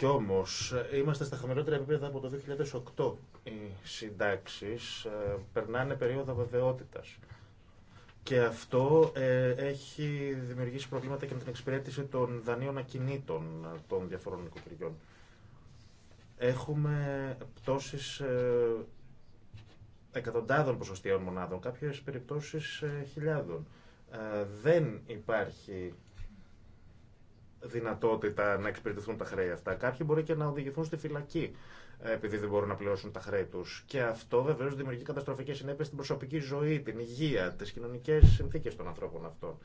Κι όμως είμαστε στα χαμηλότερα επίπεδα από το 2008. Οι συντάξεις ε, περνάνε περίοδο βεβαιότητα. Και αυτό ε, έχει δημιουργήσει προβλήματα και με την εξυπηρέτηση των δανείων ακινήτων των διαφορών οικοκυριών. Έχουμε πτώσεις ε, εκατοντάδων ποσοστιαίων μονάδων, κάποιες περιπτώσεις χιλιάδων. δεν υπάρχει δυνατότητα να εξυπηρετηθούν τα χρέη αυτά. Κάποιοι μπορεί και να οδηγηθούν στη φυλακή ε, επειδή δεν μπορούν να πληρώσουν τα χρέη του. Και αυτό βεβαίω δημιουργεί καταστροφικέ συνέπειε στην προσωπική ζωή, την υγεία, τι κοινωνικέ συνθήκε των ανθρώπων αυτών.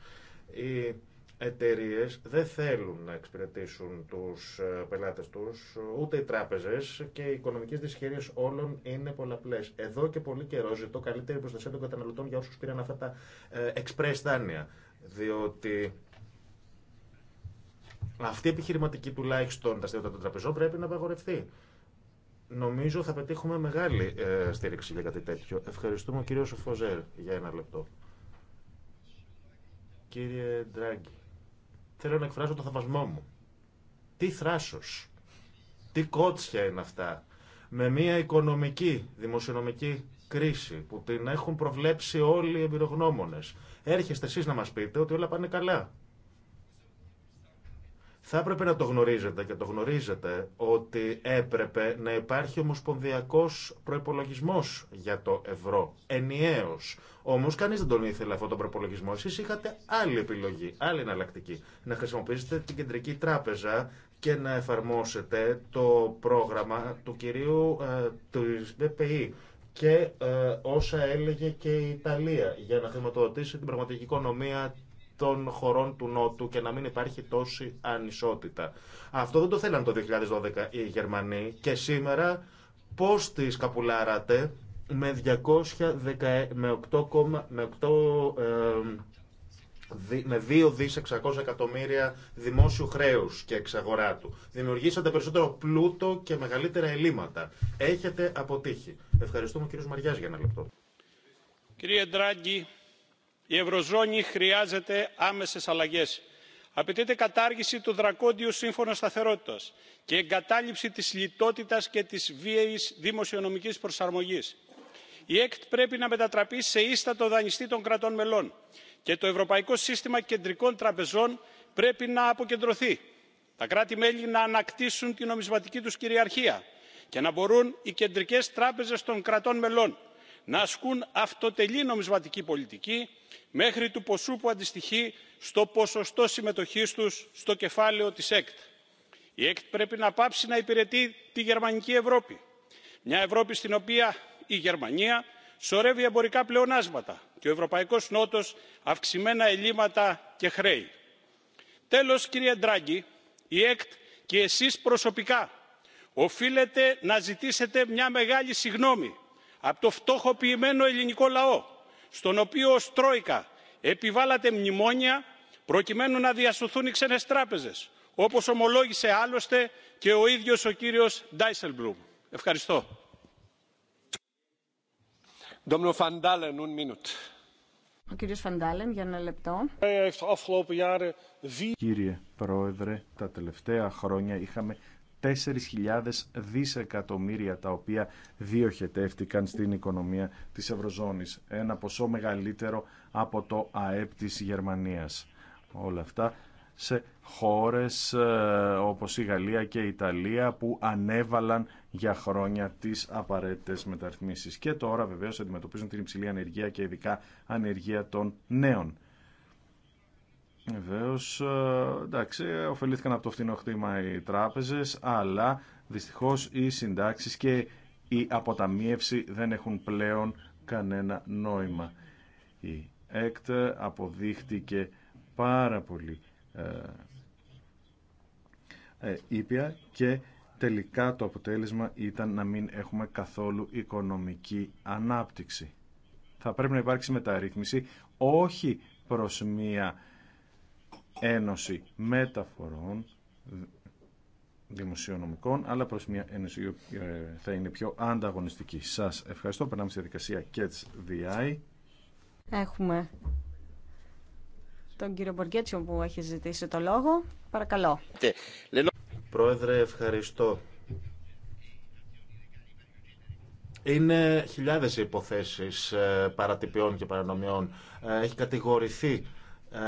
Οι εταιρείε δεν θέλουν να εξυπηρετήσουν του ε, πελάτε του, ούτε οι τράπεζε και οι οικονομικέ δυσχέρειε όλων είναι πολλαπλέ. Εδώ και πολύ καιρό ζητώ καλύτερη προστασία των καταναλωτών για όσου πήραν αυτά τα ε, express δάνεια. Διότι αυτή η επιχειρηματική τουλάχιστον στήματα των τραπεζών πρέπει να απαγορευτεί. Νομίζω θα πετύχουμε μεγάλη ε, στήριξη για κάτι τέτοιο. Ευχαριστούμε ο κύριο Φωζέρ για ένα λεπτό. Κύριε Ντράγκη, θέλω να εκφράσω το θαυμασμό μου. Τι θράσος, τι κότσια είναι αυτά. Με μια οικονομική, δημοσιονομική κρίση που την έχουν προβλέψει όλοι οι εμπειρογνώμονες. Έρχεστε εσείς να μας πείτε ότι όλα πάνε καλά. Θα έπρεπε να το γνωρίζετε και το γνωρίζετε ότι έπρεπε να υπάρχει ομοσπονδιακός προϋπολογισμός για το ευρώ, ενιαίος. Όμως κανείς δεν τον ήθελε αυτόν τον προϋπολογισμό. Εσείς είχατε άλλη επιλογή, άλλη εναλλακτική. Να χρησιμοποιήσετε την κεντρική τράπεζα και να εφαρμόσετε το πρόγραμμα του κυρίου ε, του BPI και ε, όσα έλεγε και η Ιταλία για να χρηματοδοτήσει την πραγματική οικονομία των χωρών του Νότου και να μην υπάρχει τόση ανισότητα. Αυτό δεν το θέλαν το 2012 οι Γερμανοί και σήμερα πώς τις καπουλάρατε με 210, με 2 δις 600 εκατομμύρια δημόσιου χρέους και εξαγορά του. Δημιουργήσατε περισσότερο πλούτο και μεγαλύτερα ελλείμματα. Έχετε αποτύχει. Ευχαριστούμε κύριο Μαριάς για ένα λεπτό. Κύριε Ντράγκη, η ευρωζώνη χρειάζεται άμεσες αλλαγές. απαιτείται κατάργηση του δρακόντιου σύμφωνο σταθερότητας και εγκατάλειψη της λιτότητας και της βίαιης δημοσιονομικής προσαρμογής. η ecd πρέπει να μετατραπεί σε ίστατο δανειστή των κρατών μελών και το ευρωπαϊκό σύστημα κεντρικών τραπεζών πρέπει να αποκεντρωθεί τα κράτη μέλη να ανακτήσουν την νομισματική του κυριαρχία και να μπορούν οι κεντρικέ τράπεζε των κρατών μελών να ασκούν αυτοτελή νομισματική πολιτική μέχρι του ποσού που αντιστοιχεί στο ποσοστό συμμετοχής τους στο κεφάλαιο της ΕΚΤ. Η ΕΚΤ πρέπει να πάψει να υπηρετεί τη γερμανική Ευρώπη. Μια Ευρώπη στην οποία η Γερμανία σωρεύει εμπορικά πλεονάσματα και ο Ευρωπαϊκός Νότος αυξημένα ελλείμματα και χρέη. Τέλος, κύριε Ντράγκη, η ΕΚΤ και εσείς προσωπικά οφείλετε να ζητήσετε μια μεγάλη συγνώμη από το φτωχοποιημένο ελληνικό λαό στον οποίο ως τρόικα επιβάλλατε μνημόνια προκειμένου να διασωθούν οι ξένες τράπεζες όπως ομολόγησε άλλωστε και ο ίδιος ο κύριος Ντάισελμπλουμ. Ευχαριστώ. κύριος Φαντάλεν, για ένα λεπτό. Κύριε Πρόεδρε, τα τελευταία χρόνια είχαμε 4.000 δισεκατομμύρια τα οποία διοχετεύτηκαν στην οικονομία της Ευρωζώνης. Ένα ποσό μεγαλύτερο από το ΑΕΠ της Γερμανίας. Όλα αυτά σε χώρες ε, όπως η Γαλλία και η Ιταλία που ανέβαλαν για χρόνια τις απαραίτητες μεταρρυθμίσεις. Και τώρα βεβαίως αντιμετωπίζουν την υψηλή ανεργία και ειδικά ανεργία των νέων. Βεβαίω, ε, εντάξει, ωφελήθηκαν από το φθηνό χτήμα οι τράπεζε, αλλά δυστυχώ οι συντάξει και η αποταμίευση δεν έχουν πλέον κανένα νόημα. Η ΕΚΤ αποδείχτηκε πάρα πολύ ε, ε, ήπια και τελικά το αποτέλεσμα ήταν να μην έχουμε καθόλου οικονομική ανάπτυξη. Θα πρέπει να υπάρξει μεταρρύθμιση όχι προς μία ένωση μεταφορών δημοσιονομικών, αλλά προς μια ένωση που ε, θα είναι πιο ανταγωνιστική. Σας ευχαριστώ. Περνάμε στη διαδικασία Catch the Έχουμε τον κύριο Μποργέτσιο που έχει ζητήσει το λόγο. Παρακαλώ. Πρόεδρε, ευχαριστώ. Είναι χιλιάδες οι υποθέσεις ε, παρατυπιών και παρανομιών. Ε, έχει κατηγορηθεί ε,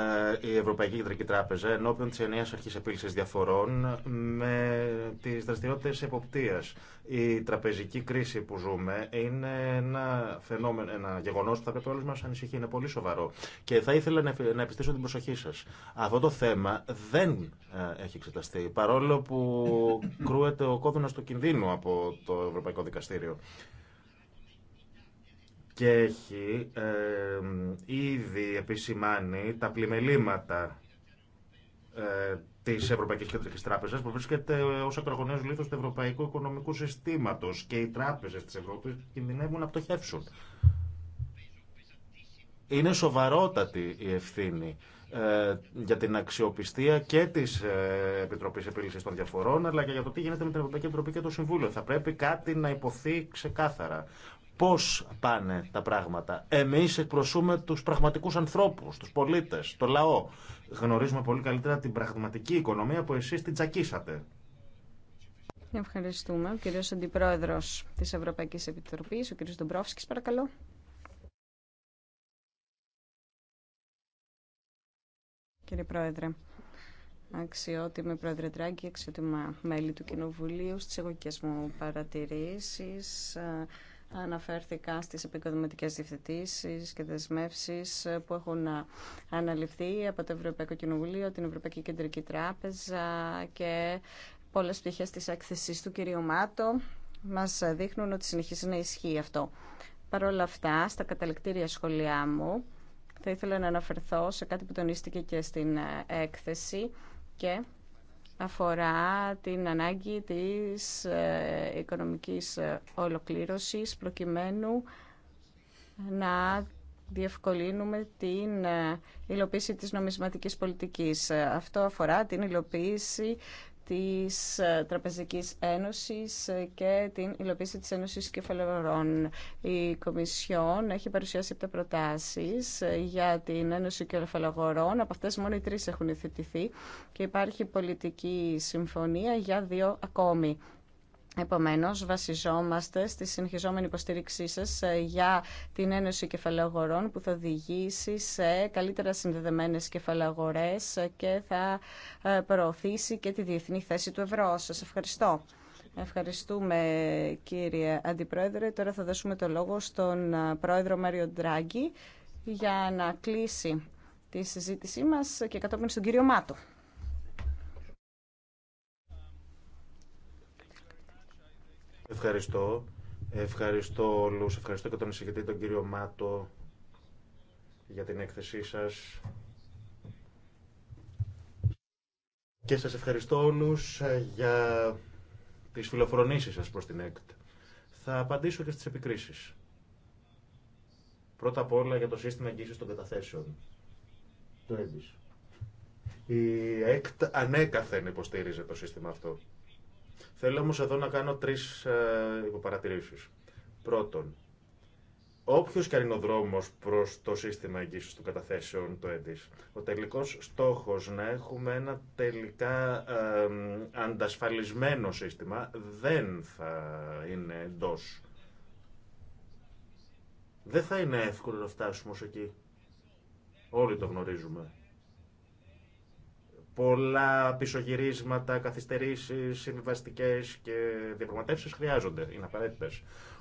η Ευρωπαϊκή Κεντρική Τράπεζα ενώπιον τη ενιαία αρχή επίλυση διαφορών με τι δραστηριότητε εποπτεία. Η τραπεζική κρίση που ζούμε είναι ένα φαινόμενο, ένα γεγονό που θα πρέπει όλου μα ανησυχεί. Είναι πολύ σοβαρό. Και θα ήθελα να επιστήσω την προσοχή σα. Αυτό το θέμα δεν ε, έχει εξεταστεί. Παρόλο που κρούεται ο κόδωνα του κινδύνου από το Ευρωπαϊκό Δικαστήριο και έχει ε, η επισημάνει τα πλημελήματα ε, τη Ευρωπαϊκή Κεντρική Τράπεζα που βρίσκεται ω ακρογωνιαίο λίθο του Ευρωπαϊκού Οικονομικού Συστήματο και οι τράπεζε τη Ευρώπη κινδυνεύουν να πτωχεύσουν. Είναι σοβαρότατη η ευθύνη ε, για την αξιοπιστία και τη ε, Επιτροπή Επίλυση των Διαφορών, αλλά και για το τι γίνεται με την Ευρωπαϊκή Επιτροπή και το Συμβούλιο. Θα πρέπει κάτι να υποθεί ξεκάθαρα πώς πάνε τα πράγματα. Εμείς εκπροσούμε τους πραγματικούς ανθρώπους, τους πολίτες, το λαό. Γνωρίζουμε πολύ καλύτερα την πραγματική οικονομία που εσείς την τσακίσατε. Ευχαριστούμε. Ο κύριος Αντιπρόεδρος της Ευρωπαϊκής Επιτροπής, ο κύριος Ντομπρόφσκης, παρακαλώ. Κύριε Πρόεδρε, αξιότιμη Πρόεδρε Τράγκη, αξιότιμα μέλη του Κοινοβουλίου, στις εγωικέ μου παρατηρήσεις, αναφέρθηκα στις επικοδηματικές διευθετήσεις και δεσμεύσεις που έχουν αναλυφθεί από το Ευρωπαϊκό Κοινοβουλίο, την Ευρωπαϊκή Κεντρική Τράπεζα και πολλές πτυχές της έκθεσης του κυρίου Μάτο μας δείχνουν ότι συνεχίζει να ισχύει αυτό. Παρ' όλα αυτά, στα καταληκτήρια σχολιά μου, θα ήθελα να αναφερθώ σε κάτι που τονίστηκε και στην έκθεση και αφορά την ανάγκη της ε, οικονομικής ε, ολοκλήρωσης προκειμένου να διευκολύνουμε την ε, υλοποίηση της νομισματικής πολιτικής. Αυτό αφορά την υλοποίηση της ε, Τραπεζικής Ένωσης ε, και την υλοποίηση της Ένωσης Κεφαλαγορών. Η Κομισιόν έχει παρουσιάσει επτά προτάσεις ε, για την Ένωση Κεφαλαγορών. Από αυτές μόνο οι τρεις έχουν υιοθετηθεί και υπάρχει πολιτική συμφωνία για δύο ακόμη. Επομένως, βασιζόμαστε στη συνεχιζόμενη υποστήριξή σας ε, για την Ένωση Κεφαλαγορών που θα οδηγήσει σε καλύτερα συνδεδεμένες κεφαλαγορές ε, και θα ε, προωθήσει και τη διεθνή θέση του ευρώ. Σας ευχαριστώ. Ευχαριστούμε κύριε Αντιπρόεδρε. Τώρα θα δώσουμε το λόγο στον πρόεδρο Μάριο Ντράγκη για να κλείσει τη συζήτησή μας και κατόπιν στον κύριο Μάτο. Ευχαριστώ. Ευχαριστώ όλους. Ευχαριστώ και τον εισηγητή, τον κύριο Μάτο, για την έκθεσή σας. Και σας ευχαριστώ όλους ε, για τις φιλοφρονήσεις σας προς την ΕΚΤ. Θα απαντήσω και στις επικρίσεις. Πρώτα απ' όλα για το σύστημα εγγύησης των καταθέσεων. Το ΕΔΙΣ. Η ΕΚΤ ανέκαθεν υποστήριζε το σύστημα αυτό. Θέλω όμω εδώ να κάνω τρει ε, υποπαρατηρήσει. Πρώτον, όποιο και αν είναι ο δρόμο προ το σύστημα εγγύηση των καταθέσεων, το ΕΝΤΙΣ, ο τελικό στόχο να έχουμε ένα τελικά αντασφαλισμένο σύστημα δεν θα είναι εντό. Δεν θα είναι εύκολο να φτάσουμε ως εκεί. Όλοι το γνωρίζουμε πολλά πισωγυρίσματα, καθυστερήσει, συμβιβαστικέ και διαπραγματεύσει χρειάζονται, είναι απαραίτητε.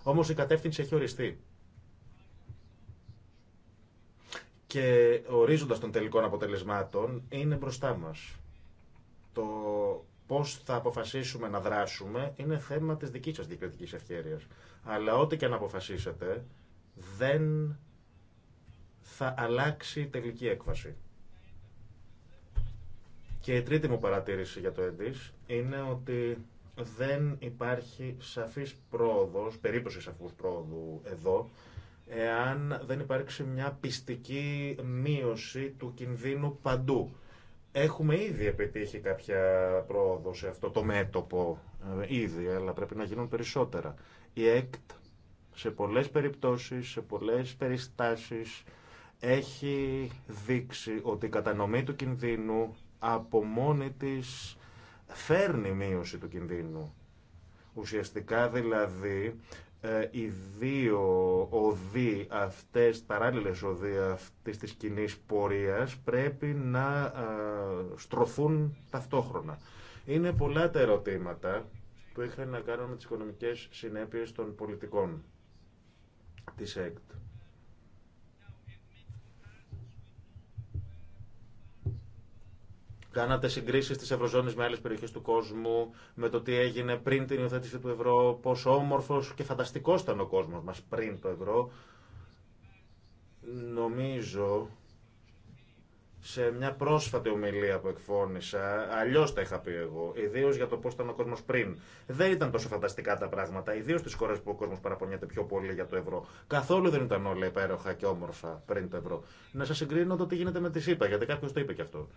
Όμω η κατεύθυνση έχει οριστεί. Και ορίζοντα των τελικών αποτελεσμάτων είναι μπροστά μα. Το πώ θα αποφασίσουμε να δράσουμε είναι θέμα τη δική σα διακριτική ευχέρεια. Αλλά ό,τι και να αποφασίσετε δεν θα αλλάξει η τελική έκβαση. Και η τρίτη μου παρατήρηση για το ΕΝΤΙΣ είναι ότι δεν υπάρχει σαφής πρόοδος, περίπτωση σαφούς πρόοδου εδώ, εάν δεν υπάρξει μια πιστική μείωση του κινδύνου παντού. Έχουμε ήδη επιτύχει κάποια πρόοδο σε αυτό το μέτωπο, ε, ήδη, αλλά πρέπει να γίνουν περισσότερα. Η ΕΚΤ σε πολλές περιπτώσεις, σε πολλές περιστάσεις, έχει δείξει ότι η κατανομή του κινδύνου από μόνη τη φέρνει μείωση του κινδύνου. Ουσιαστικά δηλαδή ε, οι δύο οδοί αυτές, παράλληλες οδοί αυτής της κοινή πορείας πρέπει να ε, στροφούν ταυτόχρονα. Είναι πολλά τα ερωτήματα που είχαν να κάνουν με τις οικονομικές συνέπειες των πολιτικών της ΕΚΤ. Κάνατε συγκρίσει τη Ευρωζώνη με άλλε περιοχέ του κόσμου, με το τι έγινε πριν την υιοθέτηση του ευρώ, πόσο όμορφο και φανταστικό ήταν ο κόσμο μα πριν το ευρώ. Νομίζω σε μια πρόσφατη ομιλία που εκφώνησα, αλλιώ τα είχα πει εγώ, ιδίω για το πώ ήταν ο κόσμο πριν. Δεν ήταν τόσο φανταστικά τα πράγματα, ιδίω στι χώρε που ο κόσμο παραπονιέται πιο πολύ για το ευρώ. Καθόλου δεν ήταν όλα υπέροχα και όμορφα πριν το ευρώ. Να σα συγκρίνω το τι γίνεται με τη ΣΥΠΑ, γιατί κάποιο το είπε και αυτό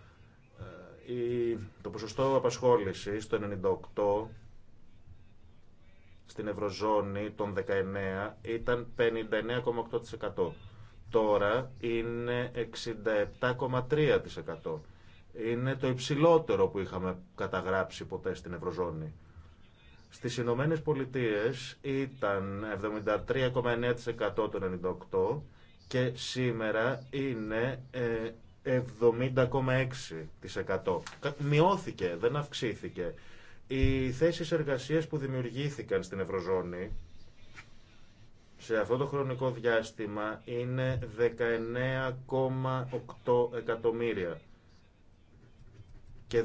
το ποσοστό απασχόλησης το 98 στην Ευρωζώνη των 19 ήταν 59,8%. Τώρα είναι 67,3%. Είναι το υψηλότερο που είχαμε καταγράψει ποτέ στην Ευρωζώνη. Στις Ηνωμένε Πολιτείε ήταν 73,9% το 98 και σήμερα είναι ε, 70,6%. Μειώθηκε, δεν αυξήθηκε. Οι θέσει εργασία που δημιουργήθηκαν στην Ευρωζώνη σε αυτό το χρονικό διάστημα είναι 19,8 εκατομμύρια και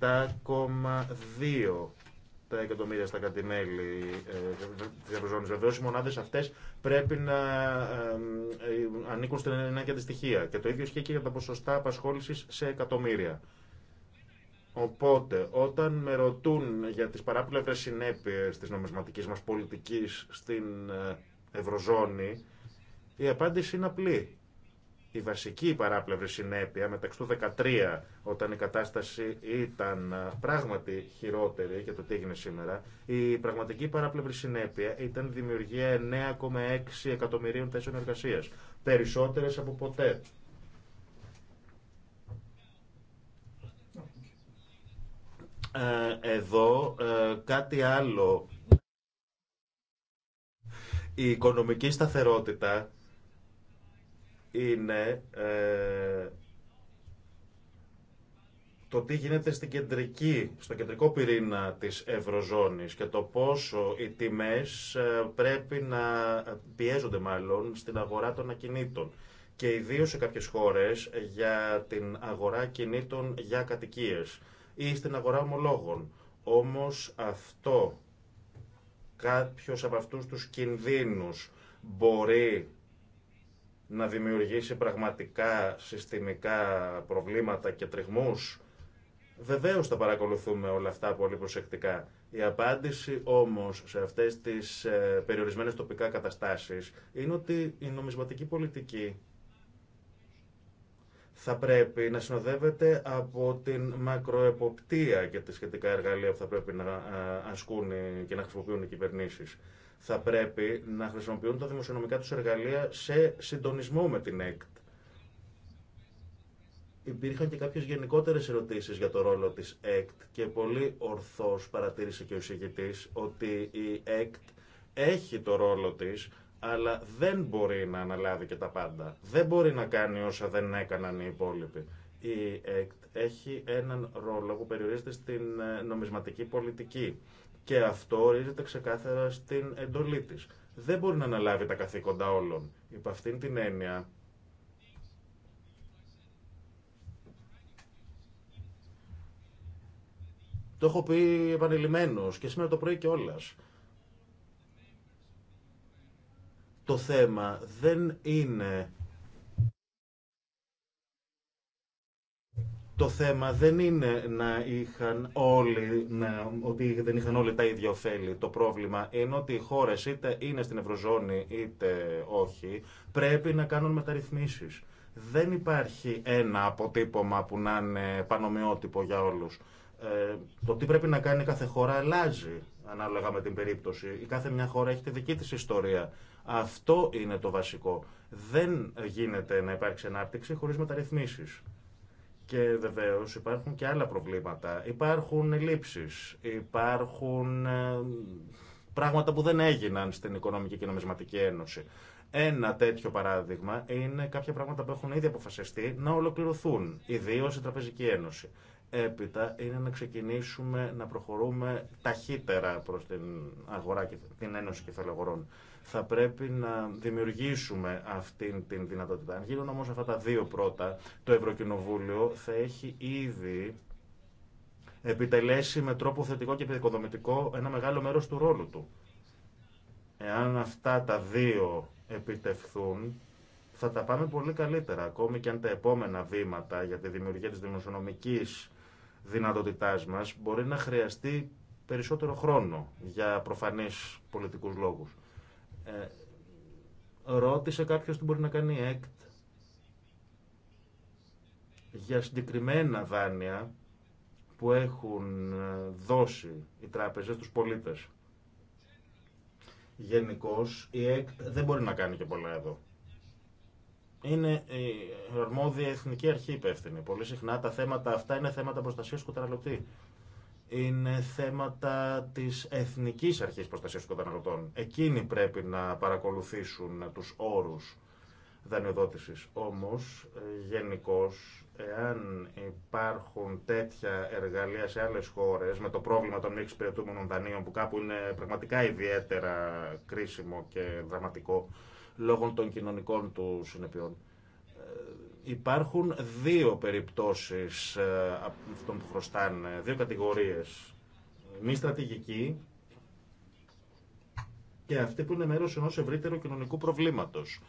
17,2 τα εκατομμύρια στα κατημέλη ε, τη Ευρωζώνη. Βεβαίω, οι μονάδε αυτέ πρέπει να ε, ανήκουν στην ενέργεια τη στοιχεία. Και το ίδιο ισχύει και για τα ποσοστά απασχόληση σε εκατομμύρια. Οπότε, όταν με ρωτούν για τις παράπλευρε συνέπειε τη νομισματική μας πολιτική στην ε, Ευρωζώνη, η απάντηση είναι απλή η βασική παράπλευρη συνέπεια μεταξύ του 2013, όταν η κατάσταση ήταν πράγματι χειρότερη για το τι έγινε σήμερα, η πραγματική παράπλευρη συνέπεια ήταν η δημιουργία 9,6 εκατομμυρίων θέσεων εργασία. Περισσότερε από ποτέ. Ε, εδώ ε, κάτι άλλο. Η οικονομική σταθερότητα είναι ε, το τι γίνεται στην κεντρική, στο κεντρικό πυρήνα της Ευρωζώνης και το πόσο οι τιμές ε, πρέπει να πιέζονται μάλλον στην αγορά των ακινήτων και ιδίω σε κάποιες χώρες για την αγορά κινήτων για κατοικίες ή στην αγορά ομολόγων. Όμως αυτό, κάποιος από αυτούς τους κινδύνους μπορεί να δημιουργήσει πραγματικά συστημικά προβλήματα και τριγμούς. Βεβαίω θα παρακολουθούμε όλα αυτά πολύ προσεκτικά. Η απάντηση όμως σε αυτές τις ε, περιορισμένες τοπικά καταστάσεις είναι ότι η νομισματική πολιτική θα πρέπει να συνοδεύεται από την μακροεποπτεία και τις σχετικά εργαλεία που θα πρέπει να ε, ασκούν και να χρησιμοποιούν οι κυβερνήσεις θα πρέπει να χρησιμοποιούν τα δημοσιονομικά τους εργαλεία σε συντονισμό με την ΕΚΤ. Υπήρχαν και κάποιες γενικότερες ερωτήσεις για το ρόλο της ΕΚΤ και πολύ ορθώς παρατήρησε και ο εισηγητής ότι η ΕΚΤ έχει το ρόλο της αλλά δεν μπορεί να αναλάβει και τα πάντα. Δεν μπορεί να κάνει όσα δεν έκαναν οι υπόλοιποι. Η ΕΚΤ έχει έναν ρόλο που περιορίζεται στην ε, νομισματική πολιτική. Και αυτό ορίζεται ξεκάθαρα στην εντολή τη. Δεν μπορεί να αναλάβει τα καθήκοντα όλων. Υπ' αυτήν την έννοια, Το έχω πει επανειλημμένο και σήμερα το πρωί και όλας. Το θέμα δεν είναι Το θέμα δεν είναι να είχαν όλοι, να, ότι δεν είχαν όλοι τα ίδια ωφέλη. Το πρόβλημα είναι ότι οι χώρε είτε είναι στην Ευρωζώνη είτε όχι, πρέπει να κάνουν μεταρρυθμίσεις. Δεν υπάρχει ένα αποτύπωμα που να είναι πανομοιότυπο για όλους. Ε, το τι πρέπει να κάνει κάθε χώρα αλλάζει ανάλογα με την περίπτωση. Η κάθε μια χώρα έχει τη δική της ιστορία. Αυτό είναι το βασικό. Δεν γίνεται να υπάρξει ανάπτυξη χωρίς μεταρρυθμίσεις. Και βεβαίω υπάρχουν και άλλα προβλήματα. Υπάρχουν ελλείψει, υπάρχουν ε, πράγματα που δεν έγιναν στην Οικονομική και Νομισματική Ένωση. Ένα τέτοιο παράδειγμα είναι κάποια πράγματα που έχουν ήδη αποφασιστεί να ολοκληρωθούν, ιδίω η Τραπεζική Ένωση. Έπειτα είναι να ξεκινήσουμε να προχωρούμε ταχύτερα προς την αγορά την Ένωση Κεφαλαγορών θα πρέπει να δημιουργήσουμε αυτήν την δυνατότητα. Αν γίνουν όμως αυτά τα δύο πρώτα, το Ευρωκοινοβούλιο θα έχει ήδη επιτελέσει με τρόπο θετικό και επικοδομητικό ένα μεγάλο μέρος του ρόλου του. Εάν αυτά τα δύο επιτευθούν, θα τα πάμε πολύ καλύτερα, ακόμη και αν τα επόμενα βήματα για τη δημιουργία της δημοσιονομικής δυνατότητάς μας μπορεί να χρειαστεί περισσότερο χρόνο για προφανείς πολιτικούς λόγους. Ε, ρώτησε κάποιος τι μπορεί να κάνει η ΕΚΤ για συγκεκριμένα δάνεια που έχουν ε, δώσει οι τράπεζες τους πολίτες. Γενικώ η ΕΚΤ δεν μπορεί να κάνει και πολλά εδώ. Είναι η αρμόδια εθνική αρχή υπεύθυνη. Πολύ συχνά τα θέματα αυτά είναι θέματα προστασίας του είναι θέματα της Εθνικής Αρχής Προστασίας των Καταναλωτών. Εκείνοι πρέπει να παρακολουθήσουν τους όρους δανειοδότησης. Όμως, ε, γενικώ, εάν υπάρχουν τέτοια εργαλεία σε άλλες χώρες με το πρόβλημα των μη εξυπηρετούμενων δανείων που κάπου είναι πραγματικά ιδιαίτερα κρίσιμο και δραματικό λόγω των κοινωνικών του συνεπειών, ε, Υπάρχουν δύο περιπτώσεις ε, αυτών που χρωστάνε, δύο κατηγορίες. Μη στρατηγική και αυτή που είναι μέρος ενός ευρύτερου κοινωνικού προβλήματος.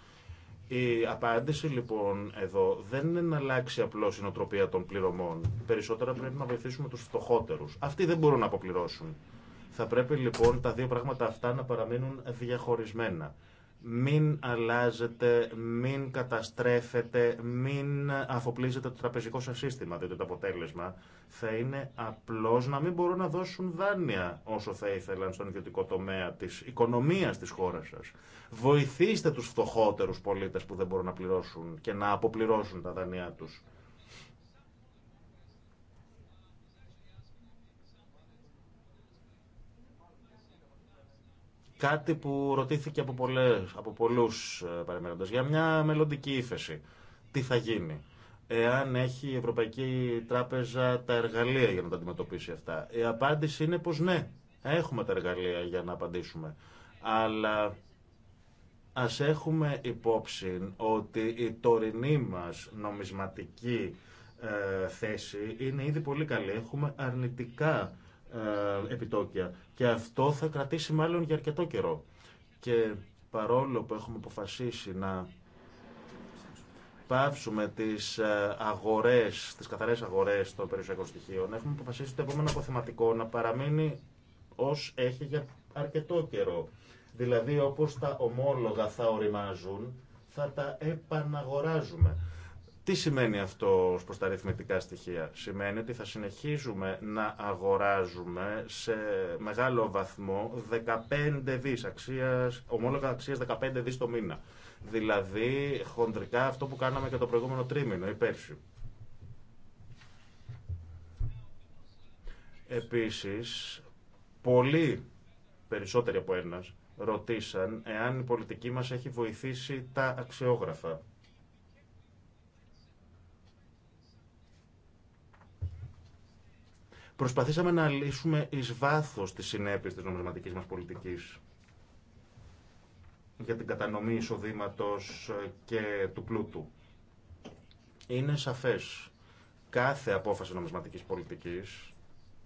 Η απάντηση λοιπόν εδώ δεν είναι να αλλάξει απλώς η νοοτροπία των πληρωμών. Περισσότερα πρέπει να βοηθήσουμε τους φτωχότερους. Αυτοί δεν μπορούν να αποπληρώσουν. Θα πρέπει λοιπόν τα δύο πράγματα αυτά να παραμείνουν διαχωρισμένα μην αλλάζετε, μην καταστρέφετε, μην αφοπλίζετε το τραπεζικό σας σύστημα, διότι το αποτέλεσμα θα είναι απλώς να μην μπορούν να δώσουν δάνεια όσο θα ήθελαν στον ιδιωτικό τομέα της οικονομίας της χώρας σας. Βοηθήστε τους φτωχότερους πολίτες που δεν μπορούν να πληρώσουν και να αποπληρώσουν τα δάνειά τους. Κάτι που ρωτήθηκε από, πολλές, από πολλούς ε, για μια μελλοντική ύφεση. Τι θα γίνει εάν έχει η Ευρωπαϊκή Τράπεζα τα εργαλεία για να τα αντιμετωπίσει αυτά. Η απάντηση είναι πως ναι, έχουμε τα εργαλεία για να απαντήσουμε. Αλλά ας έχουμε υπόψη ότι η τωρινή μας νομισματική ε, θέση είναι ήδη πολύ καλή. Έχουμε αρνητικά ε, επιτόκια. Και αυτό θα κρατήσει μάλλον για αρκετό καιρό. Και παρόλο που έχουμε αποφασίσει να πάυσουμε τις ε, αγορές, τις καθαρές αγορές των περιουσιακών στοιχείων, έχουμε αποφασίσει το επόμενο αποθεματικό να παραμείνει ως έχει για αρκετό καιρό. Δηλαδή όπως τα ομόλογα θα οριμάζουν, θα τα επαναγοράζουμε. Τι σημαίνει αυτό ως προς τα αριθμητικά στοιχεία. Σημαίνει ότι θα συνεχίζουμε να αγοράζουμε σε μεγάλο βαθμό 15 δις αξίας, ομόλογα αξίας 15 δις το μήνα. Δηλαδή χοντρικά αυτό που κάναμε και το προηγούμενο τρίμηνο ή πέρσι. Επίσης, πολλοί περισσότεροι από ένας ρωτήσαν εάν η πολιτική μας έχει βοηθήσει τα αξιόγραφα. Προσπαθήσαμε να λύσουμε εις βάθος τις συνέπειες της νομισματικής μας πολιτικής για την κατανομή εισοδήματο ε, και του πλούτου. Είναι σαφές. Κάθε απόφαση νομισματικής πολιτικής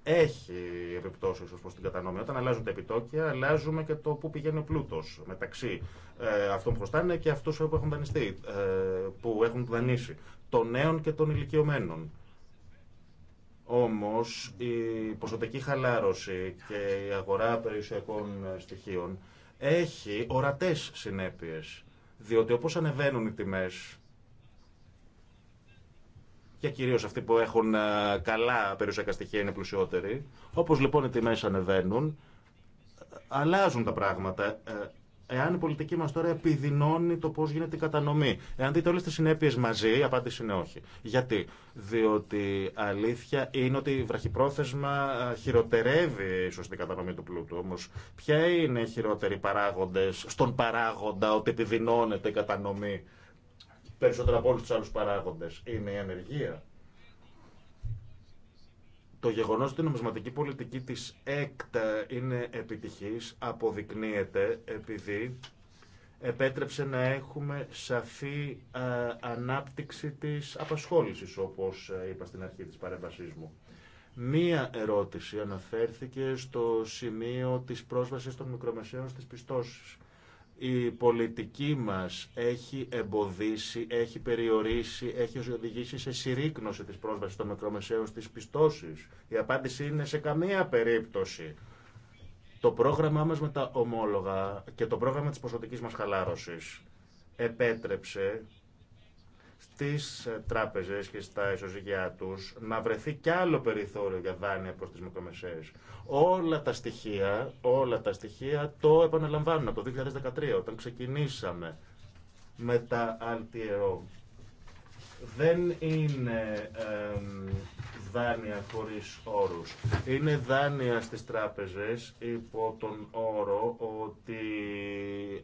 έχει επιπτώσει ω προ την κατανομή. Όταν αλλάζουν τα επιτόκια, αλλάζουμε και το πού πηγαίνει ο πλούτο μεταξύ ε, αυτών που χρωστάνε και αυτού που έχουν δανειστεί, ε, που έχουν δανείσει, των νέων και των ηλικιωμένων. Όμως η ποσοτική χαλάρωση και η αγορά περιουσιακών στοιχείων έχει ορατές συνέπειες, διότι όπως ανεβαίνουν οι τιμές και κυρίως αυτοί που έχουν ε, καλά περιουσιακά στοιχεία είναι πλουσιότεροι, όπως λοιπόν οι τιμές ανεβαίνουν, αλλάζουν τα πράγματα ε, Εάν η πολιτική μα τώρα επιδεινώνει το πώ γίνεται η κατανομή. Εάν δείτε όλε τι συνέπειε μαζί, η απάντηση είναι όχι. Γιατί? Διότι αλήθεια είναι ότι βραχυπρόθεσμα ε, χειροτερεύει ίσω την κατανομή του πλούτου. Όμω, ποια είναι οι χειρότεροι παράγοντε στον παράγοντα ότι επιδεινώνεται η κατανομή περισσότερο από όλου του άλλου παράγοντε. Είναι η ανεργία, το γεγονός ότι η νομισματική πολιτική της ΕΚΤ είναι επιτυχής αποδεικνύεται επειδή επέτρεψε να έχουμε σαφή ανάπτυξη της απασχόλησης, όπως είπα στην αρχή της παρέμβασής μου. Μία ερώτηση αναφέρθηκε στο σημείο της πρόσβασης των μικρομεσαίων στις πιστώσεις η πολιτική μας έχει εμποδίσει, έχει περιορίσει, έχει οδηγήσει σε συρρήκνωση της πρόσβασης των μικρομεσαίων στις πιστώσεις. Η απάντηση είναι σε καμία περίπτωση. Το πρόγραμμά μας με τα ομόλογα και το πρόγραμμα της ποσοτικής μας χαλάρωσης επέτρεψε στις ε, τράπεζες και στα ισοζυγιά τους να βρεθεί κι άλλο περιθώριο για δάνεια προς τις μικρομεσαίες. Όλα τα στοιχεία, όλα τα στοιχεία το επαναλαμβάνουν από το 2013 όταν ξεκινήσαμε με τα RTO δεν είναι ε, δάνεια χωρίς όρους. Είναι δάνεια στις τράπεζες υπό τον όρο ότι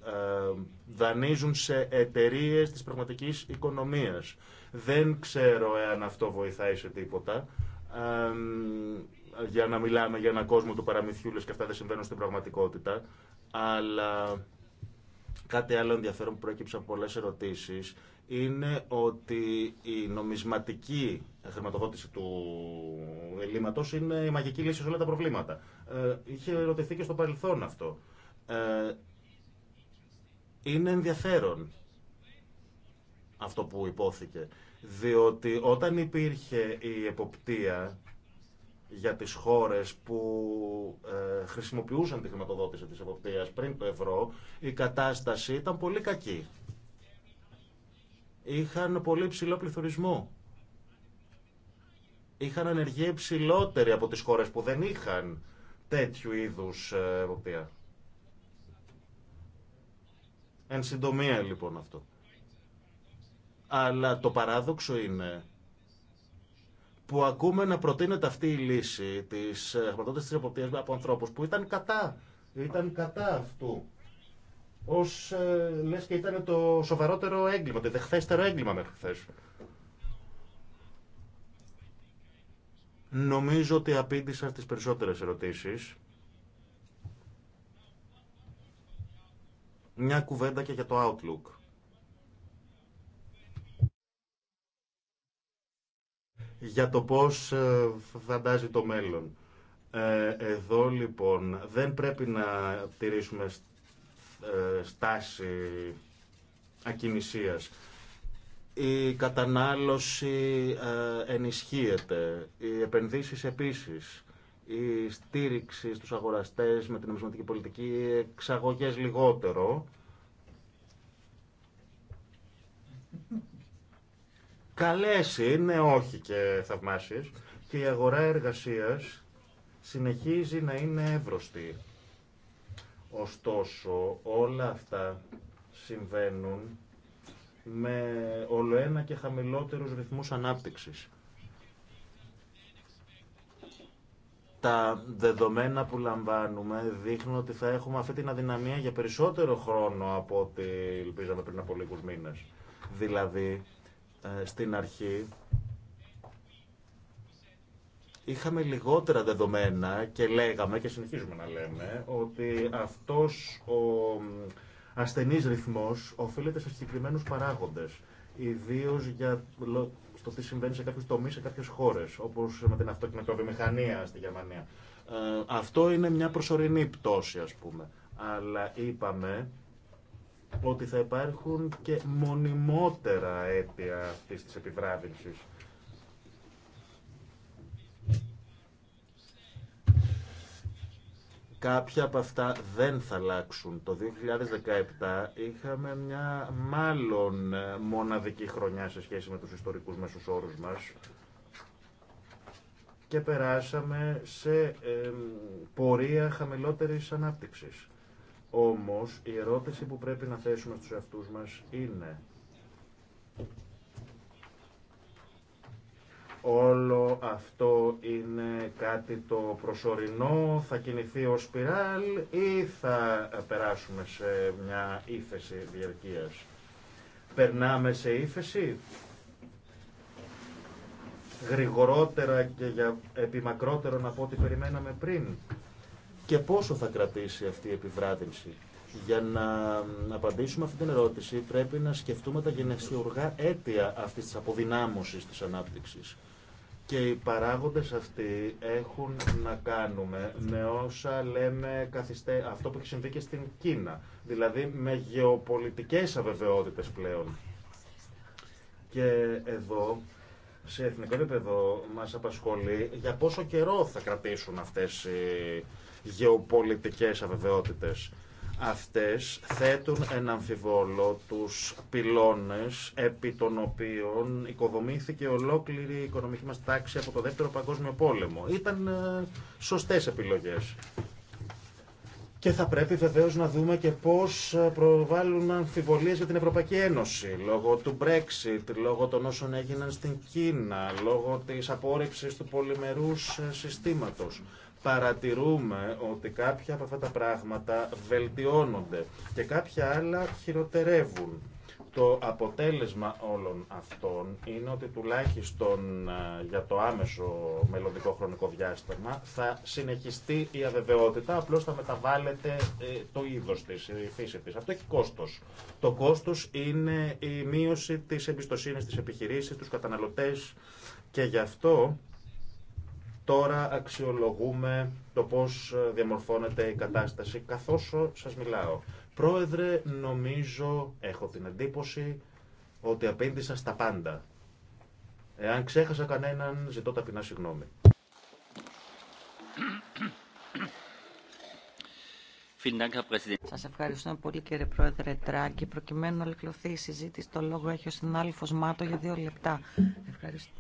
ε, δανείζουν σε εταιρείε της πραγματικής οικονομίας. Δεν ξέρω εάν αυτό βοηθάει σε τίποτα. για να μιλάμε για έναν κόσμο του παραμυθιούλες και αυτά δεν συμβαίνουν στην πραγματικότητα. Αλλά κάτι άλλο ενδιαφέρον που προέκυψε από πολλές ερωτήσεις είναι ότι η νομισματική χρηματοδότηση του ελλείμματο είναι η μαγική λύση σε όλα τα προβλήματα. Ε, είχε ερωτηθεί και στο παρελθόν αυτό. Ε, είναι ενδιαφέρον αυτό που υπόθηκε. Διότι όταν υπήρχε η εποπτεία για τις χώρες που ε, χρησιμοποιούσαν τη χρηματοδότηση της εποπτείας πριν το ευρώ, η κατάσταση ήταν πολύ κακή είχαν πολύ ψηλό πληθωρισμό. Είχαν ανεργία υψηλότερη από τις χώρες που δεν είχαν τέτοιου είδους ε, εποπτεία. Εν συντομία λοιπόν αυτό. Αλλά το παράδοξο είναι που ακούμε να προτείνεται αυτή η λύση της ε, χρηματότητας της εποπτείας από ανθρώπους που ήταν κατά, ήταν κατά αυτού ω ε, λε και ήταν το σοβαρότερο έγκλημα, το δεχθέστερο έγκλημα μέχρι χθε. Νομίζω ότι απήντησα στις περισσότερες ερωτήσεις. Μια κουβέντα και για το Outlook. Για το πώς ε, φαντάζει το μέλλον. Ε, εδώ λοιπόν δεν πρέπει να τηρήσουμε ε, στάση ακινησίας. Η κατανάλωση ε, ενισχύεται, οι επενδύσεις επίσης, η στήριξη στους αγοραστές με την νομισματική πολιτική, εξαγωγές λιγότερο. Καλές είναι, όχι και θαυμάσεις. Και η αγορά εργασίας συνεχίζει να είναι εύρωστη. Ωστόσο, όλα αυτά συμβαίνουν με ολοένα και χαμηλότερους ρυθμούς ανάπτυξης. τα δεδομένα που λαμβάνουμε δείχνουν ότι θα έχουμε αυτή την αδυναμία για περισσότερο χρόνο από ό,τι ελπίζαμε πριν από λίγους μήνες. Δηλαδή, ε, στην αρχή είχαμε λιγότερα δεδομένα και λέγαμε και συνεχίζουμε να λέμε ότι αυτός ο ασθενής ρυθμός οφείλεται σε συγκεκριμένους παράγοντες. Ιδίω για στο τι συμβαίνει σε κάποιου τομεί σε κάποιε χώρε, όπω με την αυτοκινητοβιομηχανία στη Γερμανία. Ε, αυτό είναι μια προσωρινή πτώση, α πούμε. Αλλά είπαμε ότι θα υπάρχουν και μονιμότερα αίτια αυτή τη επιβράδυνση. Κάποια από αυτά δεν θα αλλάξουν. Το 2017 είχαμε μια μάλλον ε, μοναδική χρονιά σε σχέση με τους ιστορικούς μέσους όρους μας και περάσαμε σε πορεία χαμηλότερης ανάπτυξης. Όμως η ερώτηση που πρέπει να θέσουμε στους εαυτούς μας είναι Όλο αυτό είναι κάτι το προσωρινό, θα κινηθεί ως σπιράλ ή θα περάσουμε σε μια ύφεση διαρκείας. Περνάμε σε ύφεση γρηγορότερα και για να από ό,τι περιμέναμε πριν. Και πόσο θα κρατήσει αυτή η επιβράδυνση. Για να απαντήσουμε αυτή την ερώτηση πρέπει να σκεφτούμε τα γενεσιουργά αίτια αυτής της αποδυνάμωσης της ανάπτυξης και οι παράγοντες αυτοί έχουν να κάνουμε με όσα λέμε καθιστέ, αυτό που έχει συμβεί και στην Κίνα. Δηλαδή με γεωπολιτικές αβεβαιότητες πλέον. Και εδώ, σε εθνικό επίπεδο, μας απασχολεί για πόσο καιρό θα κρατήσουν αυτές οι γεωπολιτικές αβεβαιότητες. Αυτές θέτουν ένα αμφιβόλο τους πυλώνες επί των οποίων οικοδομήθηκε ολόκληρη η οικονομική μας τάξη από το Δεύτερο Παγκόσμιο Πόλεμο. Ήταν ε, σωστές επιλογές. Και θα πρέπει βεβαίω να δούμε και πώς ε, προβάλλουν αμφιβολίες για την Ευρωπαϊκή Ένωση. Λόγω του Brexit, λόγω των όσων έγιναν στην Κίνα, λόγω της απόρριψη του πολυμερούς ε, συστήματος παρατηρούμε ότι κάποια από αυτά τα πράγματα βελτιώνονται και κάποια άλλα χειροτερεύουν. Το αποτέλεσμα όλων αυτών είναι ότι τουλάχιστον ε, για το άμεσο μελλοντικό χρονικό διάστημα θα συνεχιστεί η αβεβαιότητα, απλώς θα μεταβάλλεται ε, το είδος της, η φύση της. Αυτό έχει κόστος. Το κόστος είναι η μείωση της εμπιστοσύνης της επιχειρήσης, τους καταναλωτές και γι' αυτό Τώρα αξιολογούμε το πώς ε, διαμορφώνεται η κατάσταση, καθώς ε, σας μιλάω. Πρόεδρε, νομίζω, έχω την εντύπωση, ότι απέντησα στα πάντα. Εάν ξέχασα κανέναν, ζητώ ταπεινά συγγνώμη. Σα ευχαριστώ πολύ κύριε Πρόεδρε Τράγκη. Προκειμένου να ολοκληρωθεί η συζήτηση, το λόγο έχει ο συνάδελφο Μάτο για δύο λεπτά. Ευχαριστώ.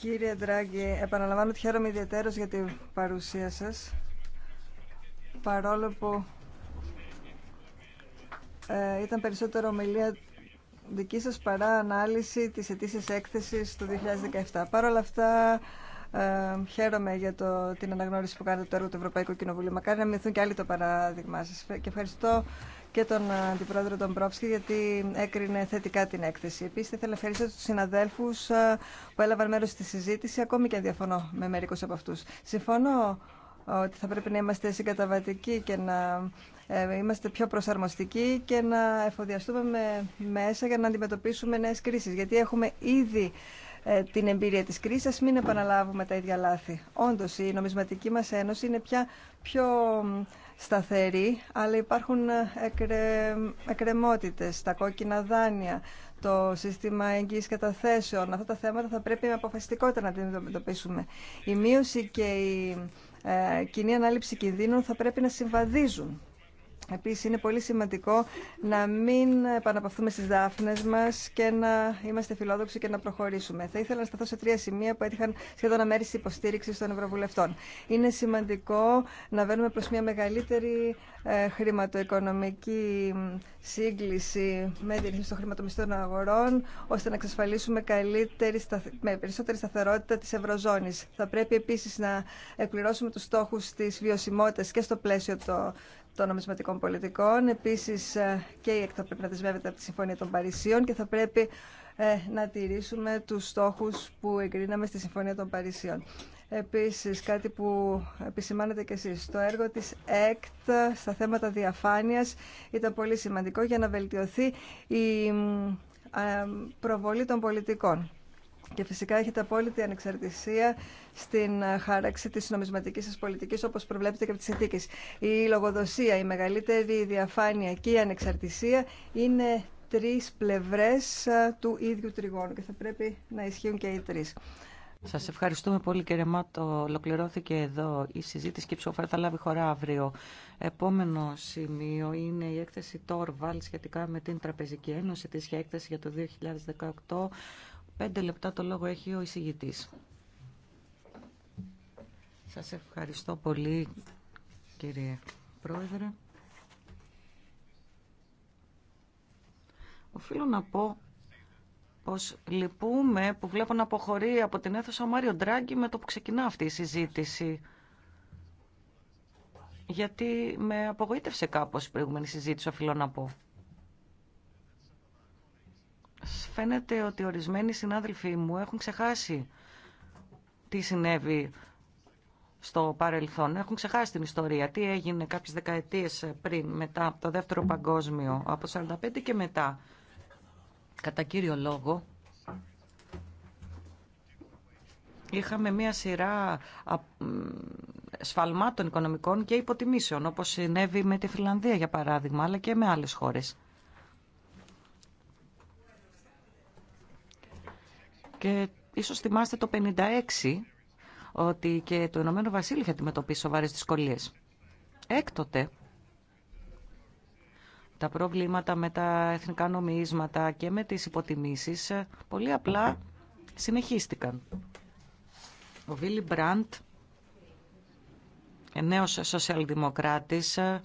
Κύριε Ντράγκη, επαναλαμβάνω ότι χαίρομαι ιδιαίτερως για την παρουσία σας, παρόλο που ε, ήταν περισσότερο ομιλία δική σας παρά ανάλυση της ετήσιας έκθεσης του 2017. Παρ' όλα αυτά, ε, χαίρομαι για το, την αναγνώριση που κάνετε το έργο του Ευρωπαϊκού Κοινοβουλίου. Μακάρι να μηνθούν και άλλοι το παράδειγμά σας. Και ευχαριστώ και τον ε, Αντιπρόεδρο τον Πρόψκη γιατί έκρινε θετικά την έκθεση. Επίσης, θέλω να ευχαριστήσω τους συναδέλφους ε, που έλαβαν μέρος στη συζήτηση, ακόμη και αν διαφωνώ με μερικούς από αυτούς. Συμφωνώ ε, ότι θα πρέπει να είμαστε συγκαταβατικοί και να είμαστε πιο προσαρμοστικοί και να εφοδιαστούμε με μέσα για να αντιμετωπίσουμε νέες κρίσεις. Γιατί έχουμε ήδη την εμπειρία της κρίσης, α μην επαναλάβουμε τα ίδια λάθη. Όντως, η νομισματική μα ένωση είναι πια πιο σταθερή, αλλά υπάρχουν ε, εκρε... εκκρεμότητες, τα κόκκινα δάνεια, το σύστημα εγγύης καταθέσεων. Αυτά τα θέματα θα πρέπει με αποφασιστικότητα να την αντιμετωπίσουμε. Η μείωση και η ε, κοινή ανάληψη κινδύνων θα πρέπει να συμβαδίζουν. Επίσης είναι πολύ σημαντικό να μην επαναπαυθούμε στις δάφνες μας και να είμαστε φιλόδοξοι και να προχωρήσουμε. Θα ήθελα να σταθώ σε τρία σημεία που έτυχαν σχεδόν αμέριση υποστήριξη των Ευρωβουλευτών. Είναι σημαντικό να βαίνουμε προς μια μεγαλύτερη ε, χρηματοοικονομική σύγκληση με τη ρύθμιση των χρηματομιστών αγορών, ώστε να εξασφαλίσουμε καλύτερη, με περισσότερη σταθερότητα τη Ευρωζώνης. Θα πρέπει επίσης να εκπληρώσουμε τους στόχους της βιωσιμότητας και στο πλαίσιο των νομισματικών πολιτικών. Επίσης ε, και η ΕΚΤ πρέπει να δεσμεύεται από τη Συμφωνία των Παρισίων και θα πρέπει ε, να τηρήσουμε τους στόχους που εγκρίναμε στη Συμφωνία των Παρισίων. Επίσης, κάτι που επισημάνετε και εσείς, το έργο της ΕΚΤ στα θέματα διαφάνειας ήταν πολύ σημαντικό για να βελτιωθεί η ε, προβολή των πολιτικών. Και φυσικά έχετε απόλυτη ανεξαρτησία στην ε, χάραξη τη νομισματικής σας πολιτικής όπως προβλέπετε και από τις συνθήκες. Η λογοδοσία, η μεγαλύτερη διαφάνεια και η ανεξαρτησία είναι τρεις πλευρές ε, του ίδιου τριγώνου και θα πρέπει να ισχύουν και οι τρεις. Σα ευχαριστούμε πολύ, κύριε Μάτο. Ολοκληρώθηκε εδώ η συζήτηση και η ψηφοφορία θα λάβει χώρα αύριο. Επόμενο σημείο είναι η έκθεση ΤΟΡΒΑΛ σχετικά με την Τραπεζική Ένωση, τη έκθεση για το 2018. Πέντε λεπτά το λόγο έχει ο εισηγητής. Σας ευχαριστώ πολύ κύριε Πρόεδρε. Οφείλω να πω πως λυπούμε που βλέπω να αποχωρεί από την αίθουσα ο Μάριο Ντράγκη με το που ξεκινά αυτή η συζήτηση. Γιατί με απογοήτευσε κάπως η προηγούμενη συζήτηση, οφείλω να πω. φαίνεται ότι ορισμένοι συνάδελφοί μου έχουν ξεχάσει τι συνέβη στο παρελθόν. Έχουν ξεχάσει την ιστορία. Τι έγινε κάποιες δεκαετίες πριν, μετά από το Δεύτερο Παγκόσμιο, από το 45 και μετά. Κατά κύριο λόγο, είχαμε μία σειρά σφαλμάτων οικονομικών και υποτιμήσεων, όπως συνέβη με τη Φιλανδία, για παράδειγμα, αλλά και με άλλες χώρες. Και ίσως θυμάστε το 1956 ότι και το Ηνωμένο Βασίλειο είχε αντιμετωπίσει σοβαρέ δυσκολίε. Έκτοτε, τα προβλήματα με τα εθνικά νομίσματα και με τις υποτιμήσεις ε, πολύ απλά συνεχίστηκαν. Ο Βίλι Μπραντ, ε, νέος σοσιαλδημοκράτης, ε,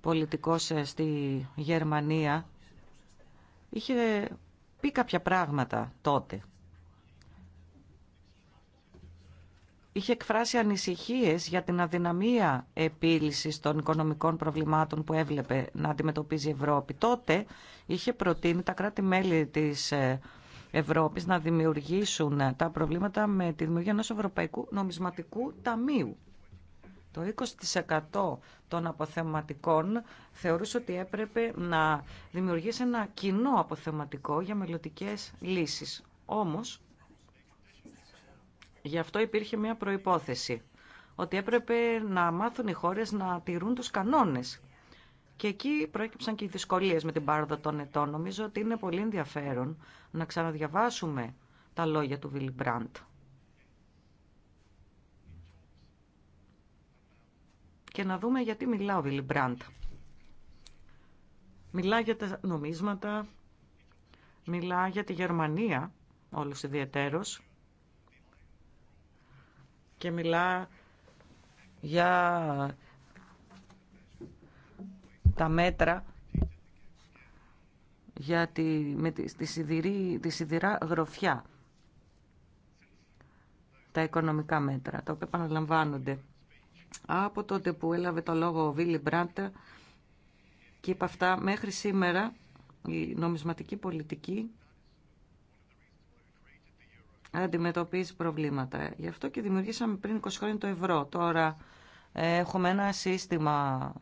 πολιτικός στη Γερμανία, είχε πει κάποια πράγματα τότε. Είχε εκφράσει ανησυχίες για την αδυναμία επίλυσης των οικονομικών προβλημάτων που έβλεπε να αντιμετωπίζει η Ευρώπη. Τότε είχε προτείνει τα κράτη-μέλη της ε, Ευρώπης να δημιουργήσουν τα προβλήματα με τη δημιουργία ενός Ευρωπαϊκού Νομισματικού Ταμείου. Το 20% των αποθεματικών θεωρούσε ότι έπρεπε να δημιουργήσει ένα κοινό αποθεματικό για μελλοντικέ λύσεις. Όμως, γι' αυτό υπήρχε μια προϋπόθεση, ότι έπρεπε να μάθουν οι χώρες να τηρούν τους κανόνες. Και εκεί προέκυψαν και οι δυσκολίες με την πάροδο των ετών. Νομίζω ότι είναι πολύ ενδιαφέρον να ξαναδιαβάσουμε τα λόγια του Βίλι Μπραντ. και να δούμε γιατί μιλά ο Βίλι Μιλά για τα νομίσματα, μιλά για τη Γερμανία, όλος ιδιαιτέρως, και μιλά για τα μέτρα για τη, με τη, τη, σιδηρή, τη σιδηρά γροφιά. Τα οικονομικά μέτρα, τα οποία επαναλαμβάνονται. Από τότε που έλαβε το λόγο ο Βίλι Μπραντ και είπε αυτά, μέχρι σήμερα η νομισματική πολιτική αντιμετωπίζει προβλήματα. Γι' αυτό και δημιουργήσαμε πριν 20 χρόνια το ευρώ. Τώρα έχουμε ένα σύστημα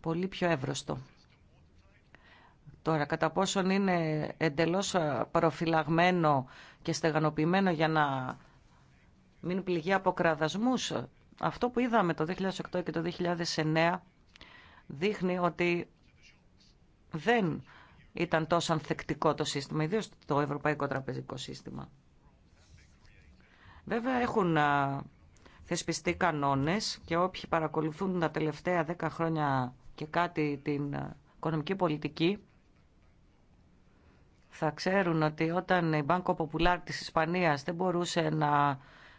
πολύ πιο εύρωστο. Τώρα, κατά πόσον είναι εντελώς προφυλαγμένο και στεγανοποιημένο για να μην πληγεί από κραδασμούς, αυτό που είδαμε το 2008 και το 2009 δείχνει ότι δεν ήταν τόσο ανθεκτικό το σύστημα, ιδίως το Ευρωπαϊκό Τραπεζικό Σύστημα. Βέβαια έχουν θεσπιστεί κανόνες και όποιοι παρακολουθούν τα τελευταία δέκα χρόνια και κάτι την οικονομική πολιτική θα ξέρουν ότι όταν η Banco Popular της Ισπανίας δεν μπορούσε να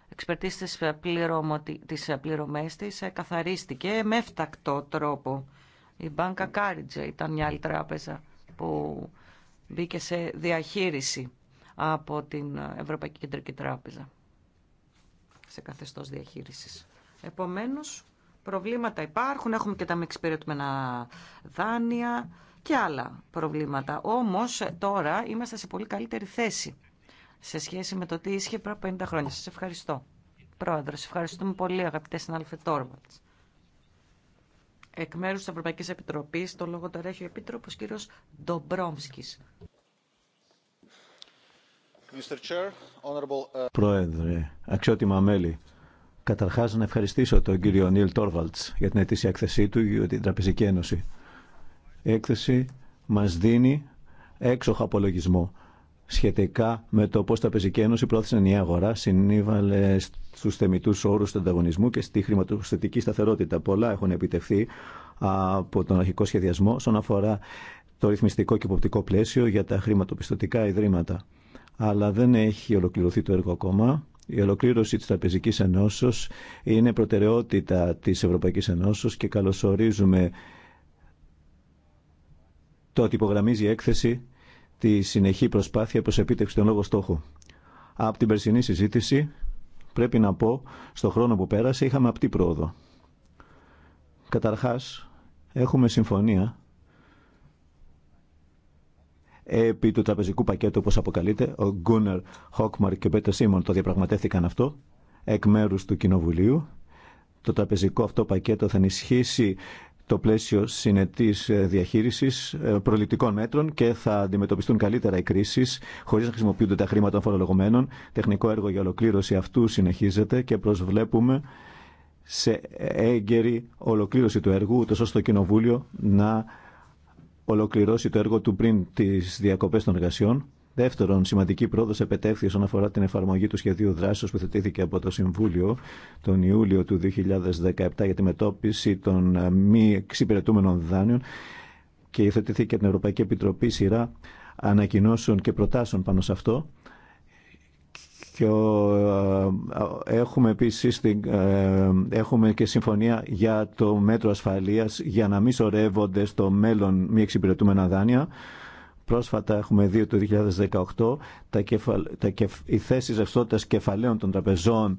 εξυπηρετήσει τι τις πληρωμές της ε, καθαρίστηκε με εφτακτό τρόπο. Η Μπάνκα Κάριτζε ήταν μια άλλη τράπεζα που μπήκε σε διαχείριση από την ε, Ευρωπαϊκή Κεντρική Τράπεζα σε καθεστώς διαχείρισης. Επομένως, προβλήματα υπάρχουν, έχουμε και τα μη εξυπηρετούμενα δάνεια και άλλα προβλήματα. Όμως ε, τώρα είμαστε σε πολύ καλύτερη θέση σε σχέση με το τι ίσχυε πριν από 50 χρόνια. Σα ευχαριστώ. Σας ευχαριστούμε πολύ αγαπητέ συνάδελφε Τόρματς. Εκ μέρου τη Ευρωπαϊκή Επιτροπή, το λόγο τώρα έχει ο επίτροπο κύριος Ντομπρόμσκης. Uh, Πρόεδρε, αξιότιμα μέλη, Καταρχά να ευχαριστήσω τον κύριο Νίλ Τόρβαλτ για την ετήσια έκθεσή του για την Τραπεζική Ένωση. Η έκθεση μα δίνει έξοχο απολογισμό σχετικά με το πώ τα Πεζική Ένωση πρόθεσε νέα αγορά, συνήβαλε στου θεμητού όρου του ανταγωνισμού και στη χρηματοστατική σταθερότητα. Πολλά έχουν επιτευχθεί από τον αρχικό σχεδιασμό όσον αφορά το ρυθμιστικό και υποπτικό πλαίσιο για τα χρηματοπιστωτικά ιδρύματα. Αλλά δεν έχει ολοκληρωθεί το έργο ακόμα. Η ολοκλήρωση της Τραπεζικής Ενώσεως είναι προτεραιότητα της Ευρωπαϊκής Ενώσεως και καλωσορίζουμε το ότι υπογραμμίζει έκθεση στη συνεχή προσπάθεια προς επίτευξη των λόγων στόχων. Από την περσινή συζήτηση, πρέπει να πω, στο χρόνο που πέρασε είχαμε απτή πρόοδο. Καταρχάς, έχουμε συμφωνία επί του τραπεζικού πακέτου, όπως αποκαλείται, ο Γκούνερ Χόκμαρ και ο Πέτερ Σίμον το διαπραγματεύτηκαν αυτό, εκ μέρους του Κοινοβουλίου. Το τραπεζικό αυτό πακέτο θα ενισχύσει το πλαίσιο συνετής ε, διαχείρισης ε, προληπτικών μέτρων και θα αντιμετωπιστούν καλύτερα οι κρίσεις χωρίς να χρησιμοποιούνται τα χρήματα των φορολογωμένων. Τεχνικό έργο για ολοκλήρωση αυτού συνεχίζεται και προσβλέπουμε σε έγκαιρη ολοκλήρωση του έργου, ούτως ώστε το Κοινοβούλιο να ολοκληρώσει το έργο του πριν τις διακοπές των εργασιών Δεύτερον, σημαντική πρόοδο επετέφθη όσον αφορά την εφαρμογή του σχεδίου δράσεω που θετήθηκε από το Συμβούλιο τον Ιούλιο του 2017 για τη μετώπιση των μη εξυπηρετούμενων δάνειων και υιοθετήθηκε από την Ευρωπαϊκή Επιτροπή σειρά ανακοινώσεων και προτάσεων πάνω σε αυτό. Και ε, έχουμε επίσης ε, έχουμε και συμφωνία για το μέτρο ασφαλείας για να μην σωρεύονται στο μέλλον μη εξυπηρετούμενα δάνεια. Πρόσφατα έχουμε δει το 2018 τα κεφα... τα κεφ... η θέση κεφαλαίων των τραπεζών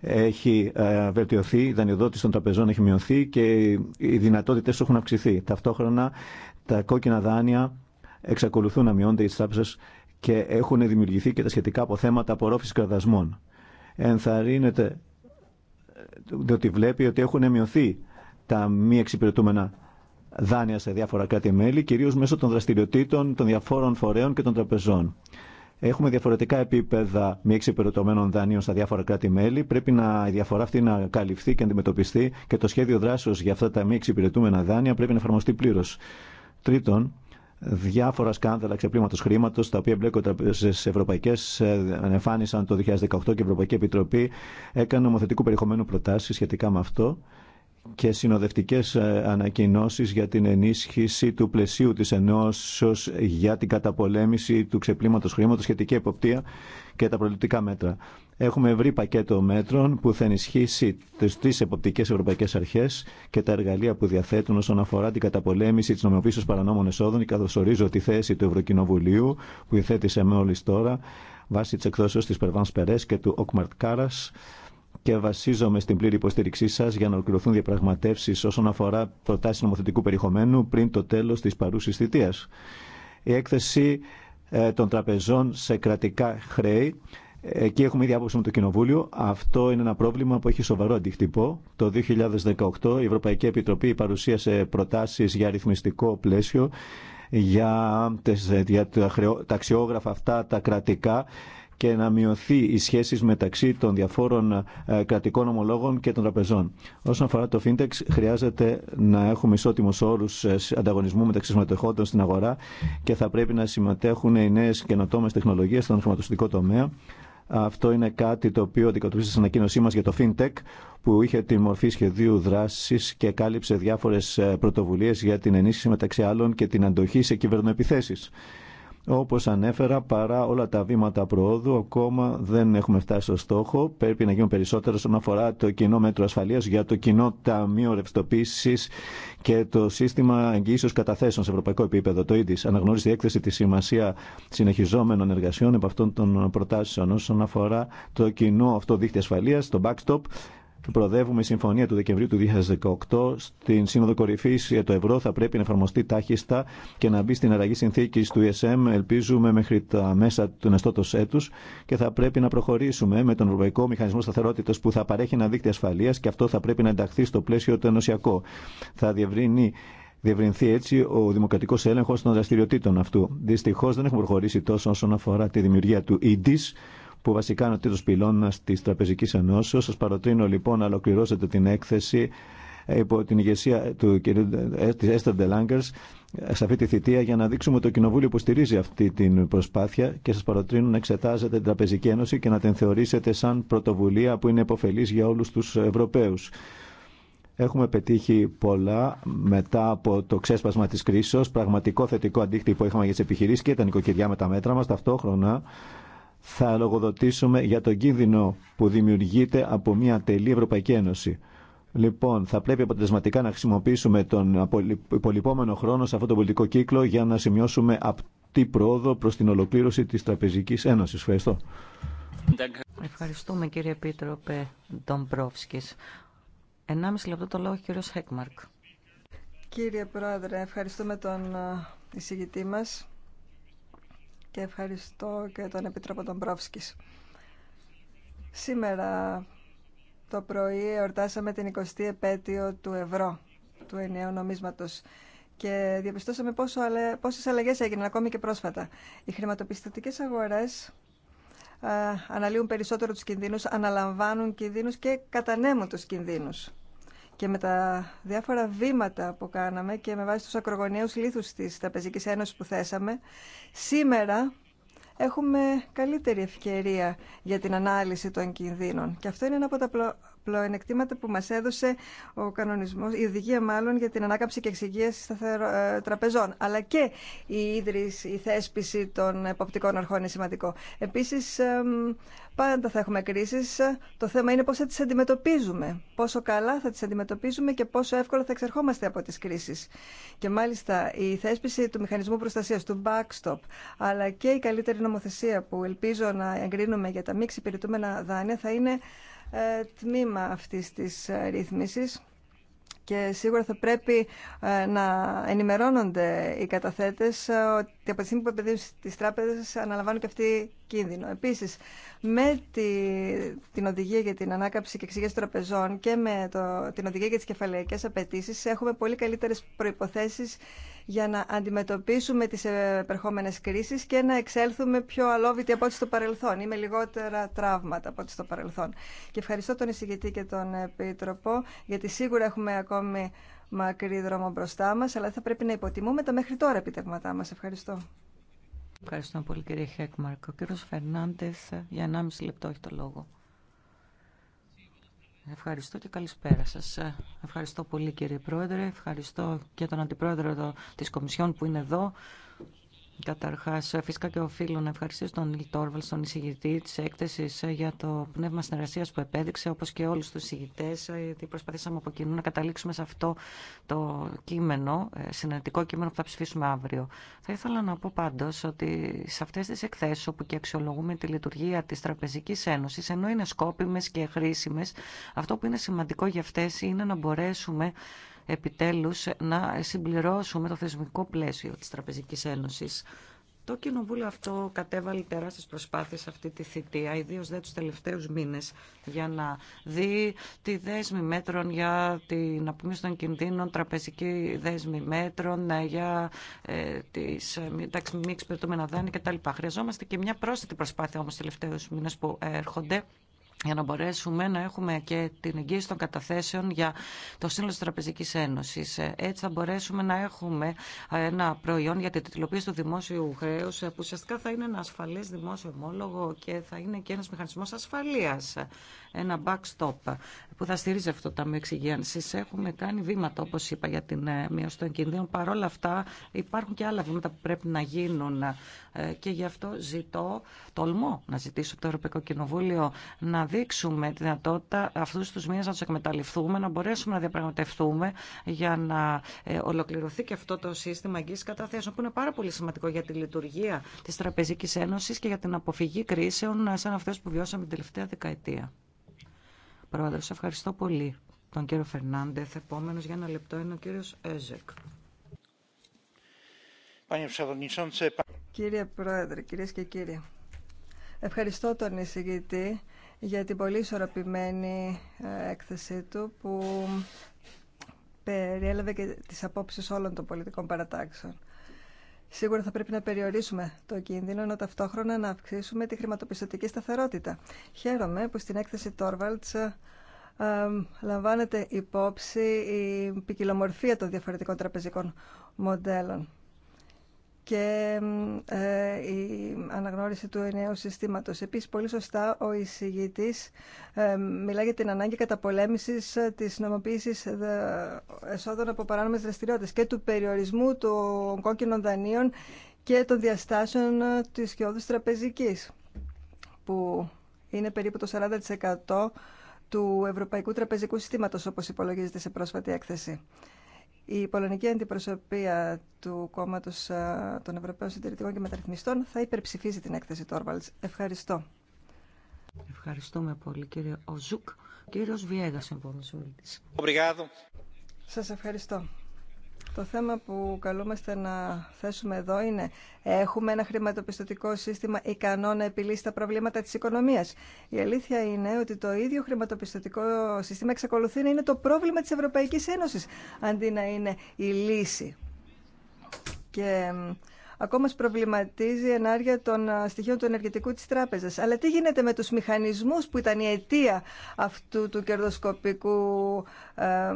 έχει ε, βελτιωθεί, η δανειοδότηση των τραπεζών έχει μειωθεί και οι δυνατότητες έχουν αυξηθεί. Ταυτόχρονα τα κόκκινα δάνεια εξακολουθούν να μειώνται οι τράπεζες και έχουν δημιουργηθεί και τα σχετικά αποθέματα απορρόφησης κραδασμών. Ενθαρρύνεται ε, διότι βλέπει ότι έχουν μειωθεί τα μη εξυπηρετούμενα δάνεια σε διάφορα κράτη-μέλη, κυρίως μέσω των δραστηριοτήτων των διαφόρων φορέων και των τραπεζών. Έχουμε διαφορετικά επίπεδα μη εξυπηρετωμένων δανείων στα διάφορα κράτη-μέλη. Πρέπει να, η διαφορά αυτή να καλυφθεί και αντιμετωπιστεί και το σχέδιο δράσεω για αυτά τα μη εξυπηρετούμενα δάνεια πρέπει να εφαρμοστεί πλήρω. Τρίτον, διάφορα σκάνδαλα ξεπλήματο χρήματο, τα οποία μπλέκονται στι ευρωπαϊκέ, ε, ανεφάνισαν το 2018 και η Ευρωπαϊκή Επιτροπή έκανε νομοθετικού περιεχομένου προτάσει σχετικά με αυτό και συνοδευτικές ε, ανακοινώσεις για την ενίσχυση του πλαισίου της ενώσεως για την καταπολέμηση του ξεπλήματος χρήματος, σχετική εποπτεία και τα προληπτικά μέτρα. Έχουμε βρει πακέτο μέτρων που θα ενισχύσει τις τρεις εποπτικές ευρωπαϊκές αρχές και τα εργαλεία που διαθέτουν όσον αφορά την καταπολέμηση της νομιμοποίησης παρανόμων εσόδων και ορίζω τη θέση του Ευρωκοινοβουλίου που υθέτησε μόλι τώρα βάσει της εκδόσεως της Περβάνς περέ και του Οκμαρτ Κάρα και βασίζομαι στην πλήρη υποστήριξή σα για να ολοκληρωθούν διαπραγματεύσει όσον αφορά προτάσει νομοθετικού περιεχομένου πριν το τέλο τη παρούση θητεία. Η έκθεση ε, των τραπεζών σε κρατικά χρέη. Εκεί έχουμε ήδη άποψη με το Κοινοβούλιο. Αυτό είναι ένα πρόβλημα που έχει σοβαρό αντιχτυπώ. Το 2018 η Ευρωπαϊκή Επιτροπή παρουσίασε προτάσει για αριθμιστικό πλαίσιο για, τα αξιόγραφα αυτά τα κρατικά και να μειωθεί οι σχέσεις μεταξύ των διαφόρων ε, κρατικών ομολόγων και των τραπεζών. Όσον αφορά το Fintech, χρειάζεται να έχουμε ισότιμους όρους ε, ανταγωνισμού μεταξύ συμμετεχόντων στην αγορά και θα πρέπει να συμμετέχουν οι νέες καινοτόμες τεχνολογίες στον χρηματοστικό τομέα. Αυτό είναι κάτι το οποίο αντικατοπτρίζει στην ανακοίνωσή μα για το FinTech, που είχε τη μορφή σχεδίου δράση και κάλυψε διάφορε πρωτοβουλίε για την ενίσχυση μεταξύ άλλων και την αντοχή σε κυβερνοεπιθέσει. Όπως ανέφερα, παρά όλα τα βήματα προόδου, ακόμα δεν έχουμε φτάσει στο στόχο. Πρέπει να γίνουν περισσότερο όσον αφορά το κοινό μέτρο ασφαλείας για το κοινό ταμείο ρευστοποίηση και το σύστημα εγγύησεως καταθέσεων σε ευρωπαϊκό επίπεδο. Το ίδις αναγνώρισε η έκθεση τη σημασία συνεχιζόμενων εργασιών από αυτών των προτάσεων όσον αφορά το κοινό αυτό δίχτυ ασφαλείας, το backstop. Προδεύουμε η συμφωνία του Δεκεμβρίου του 2018 στην Σύνοδο Κορυφή για το ευρώ θα πρέπει να εφαρμοστεί τάχιστα και να μπει στην αλλαγή συνθήκη του ESM, ελπίζουμε μέχρι τα μέσα του νεστότο έτου και θα πρέπει να προχωρήσουμε με τον Ευρωπαϊκό Μηχανισμό Σταθερότητα που θα παρέχει ένα δίκτυο ασφαλεία και αυτό θα πρέπει να ενταχθεί στο πλαίσιο το ενωσιακό. Θα διευρύνει διευρυνθεί έτσι ο δημοκρατικό έλεγχο των δραστηριοτήτων αυτού. Δυστυχώ δεν έχουμε προχωρήσει τόσο όσον αφορά τη δημιουργία του EDIS που βασικά είναι ο τίτλο πυλώνα τη Τραπεζική Ενώσεω. Σα παροτρύνω λοιπόν να ολοκληρώσετε την έκθεση υπό την ηγεσία του κ. Έστερ Ντελάγκερ σε αυτή τη θητεία για να δείξουμε το Κοινοβούλιο που στηρίζει αυτή την προσπάθεια και σα παροτρύνω να εξετάζετε την Τραπεζική Ένωση και να την θεωρήσετε σαν πρωτοβουλία που είναι υποφελή για όλου του Ευρωπαίου. Έχουμε πετύχει πολλά μετά από το ξέσπασμα τη κρίσεω, πραγματικό θετικό αντίκτυπο είχαμε για τι επιχειρήσει και τα νοικοκυριά με τα μέτρα μα. Ταυτόχρονα θα λογοδοτήσουμε για τον κίνδυνο που δημιουργείται από μια τελή Ευρωπαϊκή Ένωση. Λοιπόν, θα πρέπει αποτελεσματικά να χρησιμοποιήσουμε τον υπολοιπόμενο χρόνο σε αυτό το πολιτικό κύκλο για να σημειώσουμε την πρόοδο προς την ολοκλήρωση της Τραπεζικής Ένωσης. Ευχαριστώ. Ευχαριστούμε κύριε Επίτροπε Ντομπρόφσκης. Ενάμιση λεπτό το λόγο κύριος Χέκμαρκ. Κύριε Πρόεδρε, ευχαριστούμε τον ε, εισηγητή μα και ευχαριστώ και τον Επιτρόπο τον Πρόφσκης. Σήμερα το πρωί εορτάσαμε την 20η επέτειο του ευρώ, του ενιαίου νομίσματος και διαπιστώσαμε πόσο αλλα... πόσες αλλαγές έγιναν ακόμη και πρόσφατα. Οι χρηματοπιστωτικές αγορές αναλύουν περισσότερο τους κινδύνους, αναλαμβάνουν κινδύνους και κατανέμουν τους κινδύνους και με τα διάφορα βήματα που κάναμε και με βάση τους ακρογωνιαίους λίθους της Ταπεζικής Ένωσης που θέσαμε, σήμερα έχουμε καλύτερη ευκαιρία για την ανάλυση των κινδύνων. Και αυτό είναι ένα από τα πλεονεκτήματα που μας έδωσε ο κανονισμός, η οδηγία μάλλον για την ανάκαμψη και εξυγίαση ε, τραπεζών. Αλλά και η ίδρυση, η θέσπιση των εποπτικών αρχών είναι σημαντικό. Επίσης, πάντα θα έχουμε κρίσεις. Το θέμα είναι πώς θα τις αντιμετωπίζουμε. Πόσο καλά θα τις αντιμετωπίζουμε και πόσο εύκολα θα εξερχόμαστε από τις κρίσεις. Και μάλιστα η θέσπιση του μηχανισμού προστασίας, του backstop, αλλά και η καλύτερη νομοθεσία που ελπίζω να εγκρίνουμε για τα μη εξυπηρετούμενα δάνεια θα είναι ε, τμήμα αυτής της ε, ρύθμισης και σίγουρα θα πρέπει ε, να ενημερώνονται οι καταθέτες ότι από τη στιγμή που επενδύουν στις τράπεζες αναλαμβάνουν και αυτή κίνδυνο. Επίσης, με τη, την οδηγία για την ανάκαψη και εξήγηση τραπεζών και με το, την οδηγία για τις κεφαλαϊκές απαιτήσει έχουμε πολύ καλύτερες προϋποθέσεις για να αντιμετωπίσουμε τις ε, επερχόμενες κρίσεις και να εξέλθουμε πιο αλόβητοι από ό,τι στο παρελθόν ή με λιγότερα τραύματα από ό,τι στο παρελθόν. Και ευχαριστώ τον εισηγητή και τον Επίτροπο, γιατί σίγουρα έχουμε ακόμη μακρύ δρόμο μπροστά μας, αλλά θα πρέπει να υποτιμούμε τα μέχρι τώρα επιτεύγματά μας. Ευχαριστώ. Ευχαριστώ πολύ κύριε Χέκμαρκ. Ο κύριος Φερνάντες για 1,5 λεπτό έχει το λόγο. Ευχαριστώ και καλησπέρα σας. Ευχαριστώ πολύ κύριε Πρόεδρε, ευχαριστώ και τον Αντιπρόεδρο της Κομισιόν που είναι εδώ. Καταρχά, φυσικά και οφείλω να ευχαριστήσω τον Νίλ Τόρβαλ, τον εισηγητή τη έκθεση, ε, για το πνεύμα συνεργασία που επέδειξε, όπω και όλου του εισηγητέ, ε, γιατί προσπαθήσαμε από κοινού να καταλήξουμε σε αυτό το κείμενο, ε, συνεργατικό κείμενο που θα ψηφίσουμε αύριο. Θα ήθελα να πω πάντω ότι σε αυτέ τι εκθέσει, όπου και αξιολογούμε τη λειτουργία τη Τραπεζική Ένωση, ενώ είναι σκόπιμε και χρήσιμε, αυτό που είναι σημαντικό για αυτέ είναι να μπορέσουμε επιτέλους να συμπληρώσουμε το θεσμικό πλαίσιο της Τραπεζικής Ένωσης. Το κοινοβούλιο αυτό κατέβαλε τεράστιες προσπάθειες αυτή τη θητεία, ιδίω δε τους τελευταίους μήνες, για να δει τη δέσμη μέτρων για την απομίωση των κινδύνων, τραπεζική δέσμη μέτρων, ε, για ε, τις ε, εντάξει, μη εξυπηρετούμενα δάνεια κτλ. Χρειαζόμαστε και μια πρόσθετη προσπάθεια όμως τελευταίους μήνες που έρχονται για να μπορέσουμε να έχουμε και την εγγύηση των καταθέσεων για το σύνολο της Τραπεζικής Ένωσης. Ε, έτσι θα μπορέσουμε να έχουμε ε, ένα προϊόν για την τιτλοποίηση του δημόσιου χρέους ε, που ουσιαστικά θα είναι ένα ασφαλές δημόσιο ομόλογο και θα είναι και ένας μηχανισμός ασφαλείας, ένα backstop που θα στηρίζει αυτό το Ταμείο Εξυγίανση. Έχουμε κάνει βήματα, όπω είπα, για την μείωση των κινδύνων. Παρ' όλα αυτά υπάρχουν και άλλα βήματα που πρέπει να γίνουν και γι' αυτό ζητώ, τολμώ να ζητήσω από το Ευρωπαϊκό Κοινοβούλιο να δείξουμε τη δυνατότητα αυτού του μήνε να του εκμεταλλευτούμε, να μπορέσουμε να διαπραγματευτούμε για να ε, ολοκληρωθεί και αυτό το σύστημα εγγύηση καταθέσεων, που είναι πάρα πολύ σημαντικό για τη λειτουργία τη Τραπεζική Ένωση και για την αποφυγή κρίσεων σαν αυτέ που βιώσαμε την τελευταία δεκαετία. Πρόεδρο, ευχαριστώ πολύ τον κύριο Φερνάντεθ. Επόμενο για ένα λεπτό είναι ο κύριο Έζεκ. Κύριε Πρόεδρε, κυρίε και κύριοι, ευχαριστώ τον εισηγητή για την πολύ ισορροπημένη ε, έκθεσή του που περιέλαβε και τις απόψεις όλων των πολιτικών παρατάξεων. Σίγουρα θα πρέπει να περιορίσουμε το κίνδυνο, ενώ ταυτόχρονα να αυξήσουμε τη χρηματοπιστωτική σταθερότητα. Χαίρομαι που στην έκθεση Τόρβαλτς ε, λαμβάνεται υπόψη η ποικιλομορφία των διαφορετικών τραπεζικών μοντέλων και ε, η αναγνώριση του ενιαίου συστήματος. Επίσης, πολύ σωστά ο εισηγητής ε, μιλά για την ανάγκη καταπολέμησης ε, της νομοποίησης εσόδων από παράνομες δραστηριότητες και του περιορισμού των κόκκινων δανείων και των διαστάσεων της χειόδους τραπεζικής, που είναι περίπου το 40% του Ευρωπαϊκού Τραπεζικού Συστήματος, όπως υπολογίζεται σε πρόσφατη έκθεση. Η πολωνική αντιπροσωπεία του κόμματο ε, των Ευρωπαίων Συντηρητικών και Μεταρρυθμιστών θα υπερψηφίσει την έκθεση Τόρβαλτ. Ευχαριστώ. Ευχαριστούμε πολύ, κύριε Οζούκ. Κύριο Βιέγα, επόμενο ομιλητή. Σα ευχαριστώ. Το θέμα που καλούμαστε να θέσουμε εδώ είναι έχουμε ένα χρηματοπιστωτικό σύστημα ικανό να επιλύσει τα προβλήματα της οικονομίας. Η αλήθεια είναι ότι το ίδιο χρηματοπιστωτικό σύστημα εξακολουθεί να είναι το πρόβλημα της Ευρωπαϊκής Ένωσης αντί να είναι η λύση. Και ακόμα προβληματίζει η ενάργεια των στοιχείων του ενεργητικού της τράπεζας. Αλλά τι γίνεται με τους μηχανισμούς που ήταν η αιτία αυτού του κερδοσκοπικού ε,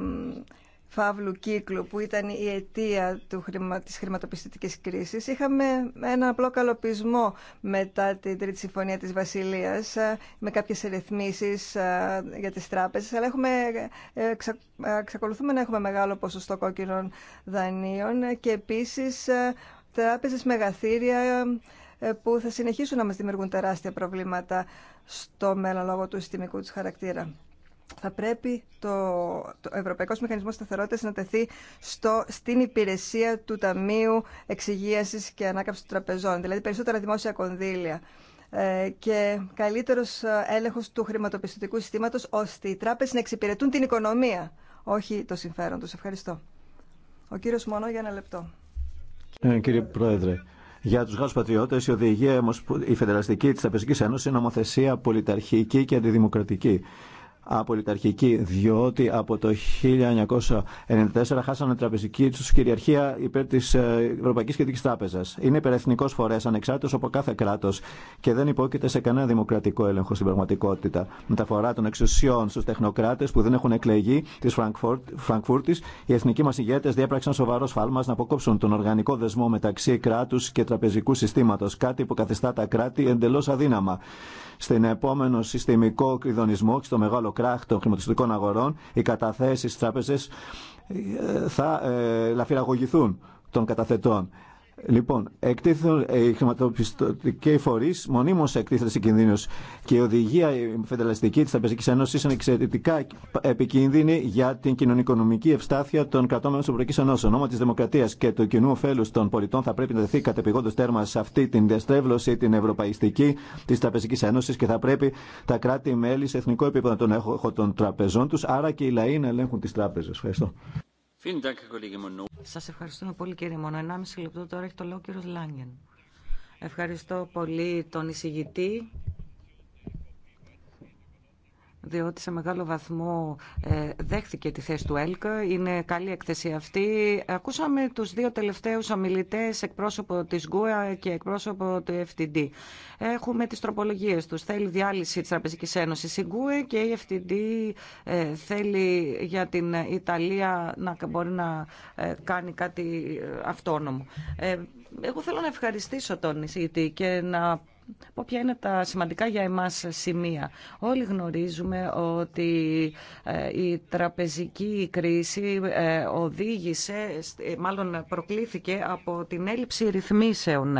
φαύλου κύκλου που ήταν η αιτία του χρημα, της χρηματοπιστωτικής κρίσης. Είχαμε ένα απλό καλοπισμό μετά την Τρίτη Συμφωνία της Βασιλείας ε, με κάποιες ρυθμίσεις ε, για τις τράπεζες, αλλά έχουμε, ε, εξακολουθούμε να έχουμε μεγάλο ποσοστό κόκκινων δανείων και επίσης τράπεζες μεγαθύρια που θα συνεχίσουν να μας δημιουργούν τεράστια προβλήματα στο μέλλον λόγω του συστημικού τους χαρακτήρα θα πρέπει το, το Ευρωπαϊκός Μηχανισμός Σταθερότητας να τεθεί στο, στην υπηρεσία του Ταμείου Εξυγίασης και Ανάκαμψης των Τραπεζών, δηλαδή περισσότερα δημόσια κονδύλια ε, και καλύτερος ε, έλεγχος του χρηματοπιστωτικού συστήματος, ώστε οι τράπεζες να εξυπηρετούν την οικονομία, όχι το συμφέρον τους. Ευχαριστώ. Ο κύριος Μονό για ένα λεπτό. Ε, κύριε Πρόεδρε, για του Γάλλου πατριώτε, η οδηγία, η φεδεραστική τη Τραπεζική Ένωση είναι νομοθεσία πολιταρχική και αντιδημοκρατική απολυταρχική, διότι από το 1994 χάσανε τραπεζική του κυριαρχία υπέρ τη ε, Ευρωπαϊκή Κεντρικής Τράπεζα. Είναι υπερεθνικό φορέας, ανεξάρτητο από κάθε κράτο και δεν υπόκειται σε κανένα δημοκρατικό έλεγχο στην πραγματικότητα. Μεταφορά των εξουσιών στου τεχνοκράτε που δεν έχουν εκλεγεί τη Φραγκφούρτη, οι εθνικοί μα ηγέτε διέπραξαν σοβαρό σφάλμα να αποκόψουν τον οργανικό δεσμό μεταξύ κράτου και τραπεζικού συστήματο. κάτι που καθιστά τα κράτη εντελώ αδύναμα. Στην επόμενο συστημικό κλειδονισμό και στο μεγάλο κράχ των χρηματιστικών αγορών, οι καταθέσεις στις τράπεζες ε, θα ε, λαφυραγωγηθούν των καταθετών. Λοιπόν, εκτίθουν, ε, οι χρηματοπιστωτικοί φορεί μονίμω εκτίθεται σε κινδύνου και η οδηγία φεδελαστική τη Τραπεζική Ένωση είναι εξαιρετικά επικίνδυνη για την κοινωνικονομική ευστάθεια των κρατών τη Ευρωπαϊκή Ενώση. Ονόμα τη Δημοκρατία και του κοινού ωφέλου των πολιτών θα πρέπει να δεθεί κατεπηγόντω τέρμα σε αυτή την διαστρέβλωση την ευρωπαϊστική τη Τραπεζική Ένωση και θα πρέπει τα κράτη-μέλη σε εθνικό επίπεδο να τον έχουν των τραπεζών του, άρα και οι λαοί να ελέγχουν τι τράπεζε. Ευχαριστώ. Σας ευχαριστούμε πολύ κύριε Μόνο. 1,5 λεπτό τώρα έχει το λόγο ο κύριος Λάγκεν. Ευχαριστώ πολύ τον εισηγητή διότι σε μεγάλο βαθμό ε, δέχθηκε τη θέση του ΕΛΚ. Είναι καλή έκθεση αυτή. Ακούσαμε τους δύο τελευταίους ομιλητές, εκπρόσωπο της ΓΚΟΕΑ και εκπρόσωπο του FTD. Έχουμε τις τροπολογίες τους. Θέλει διάλυση της Τραπεζικής Ένωσης η ΓΚΟΕ και η FTD ε, θέλει για την Ιταλία να μπορεί να ε, κάνει κάτι αυτόνομο. Εγώ θέλω να ευχαριστήσω τον εισηγητή και να ποια είναι τα σημαντικά για εμάς σημεία. Όλοι γνωρίζουμε ότι ε, η τραπεζική κρίση ε, οδήγησε, ε, μάλλον προκλήθηκε από την έλλειψη ρυθμίσεων.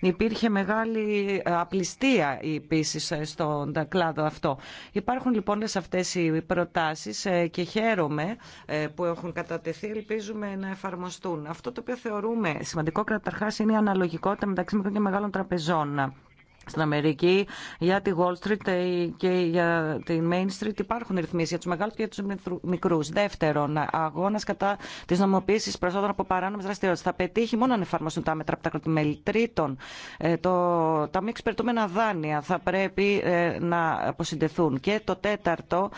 Υπήρχε μεγάλη απληστία επίση στον κλάδο αυτό. Υπάρχουν λοιπόν σε αυτές οι προτάσεις και χαίρομαι που έχουν κατατεθεί, ελπίζουμε να εφαρμοστούν. Αυτό το οποίο θεωρούμε σημαντικό καταρχάς είναι η αναλογικότητα μεταξύ και μεγάλων τραπεζών στην Αμερική, για τη Wall Street ε, και για τη Main Street υπάρχουν ρυθμίσει για του μεγάλου και για του μικρού. Δεύτερον, αγώνα κατά της νομοποίηση προσώπων από παράνομε δραστηριότητε. Θα πετύχει μόνο αν εφαρμοστούν τα μέτρα από τα κρατημέλη. Τρίτον, ε, το, τα μη εξυπηρετούμενα δάνεια θα πρέπει ε, να αποσυντεθούν. Και το τέταρτο,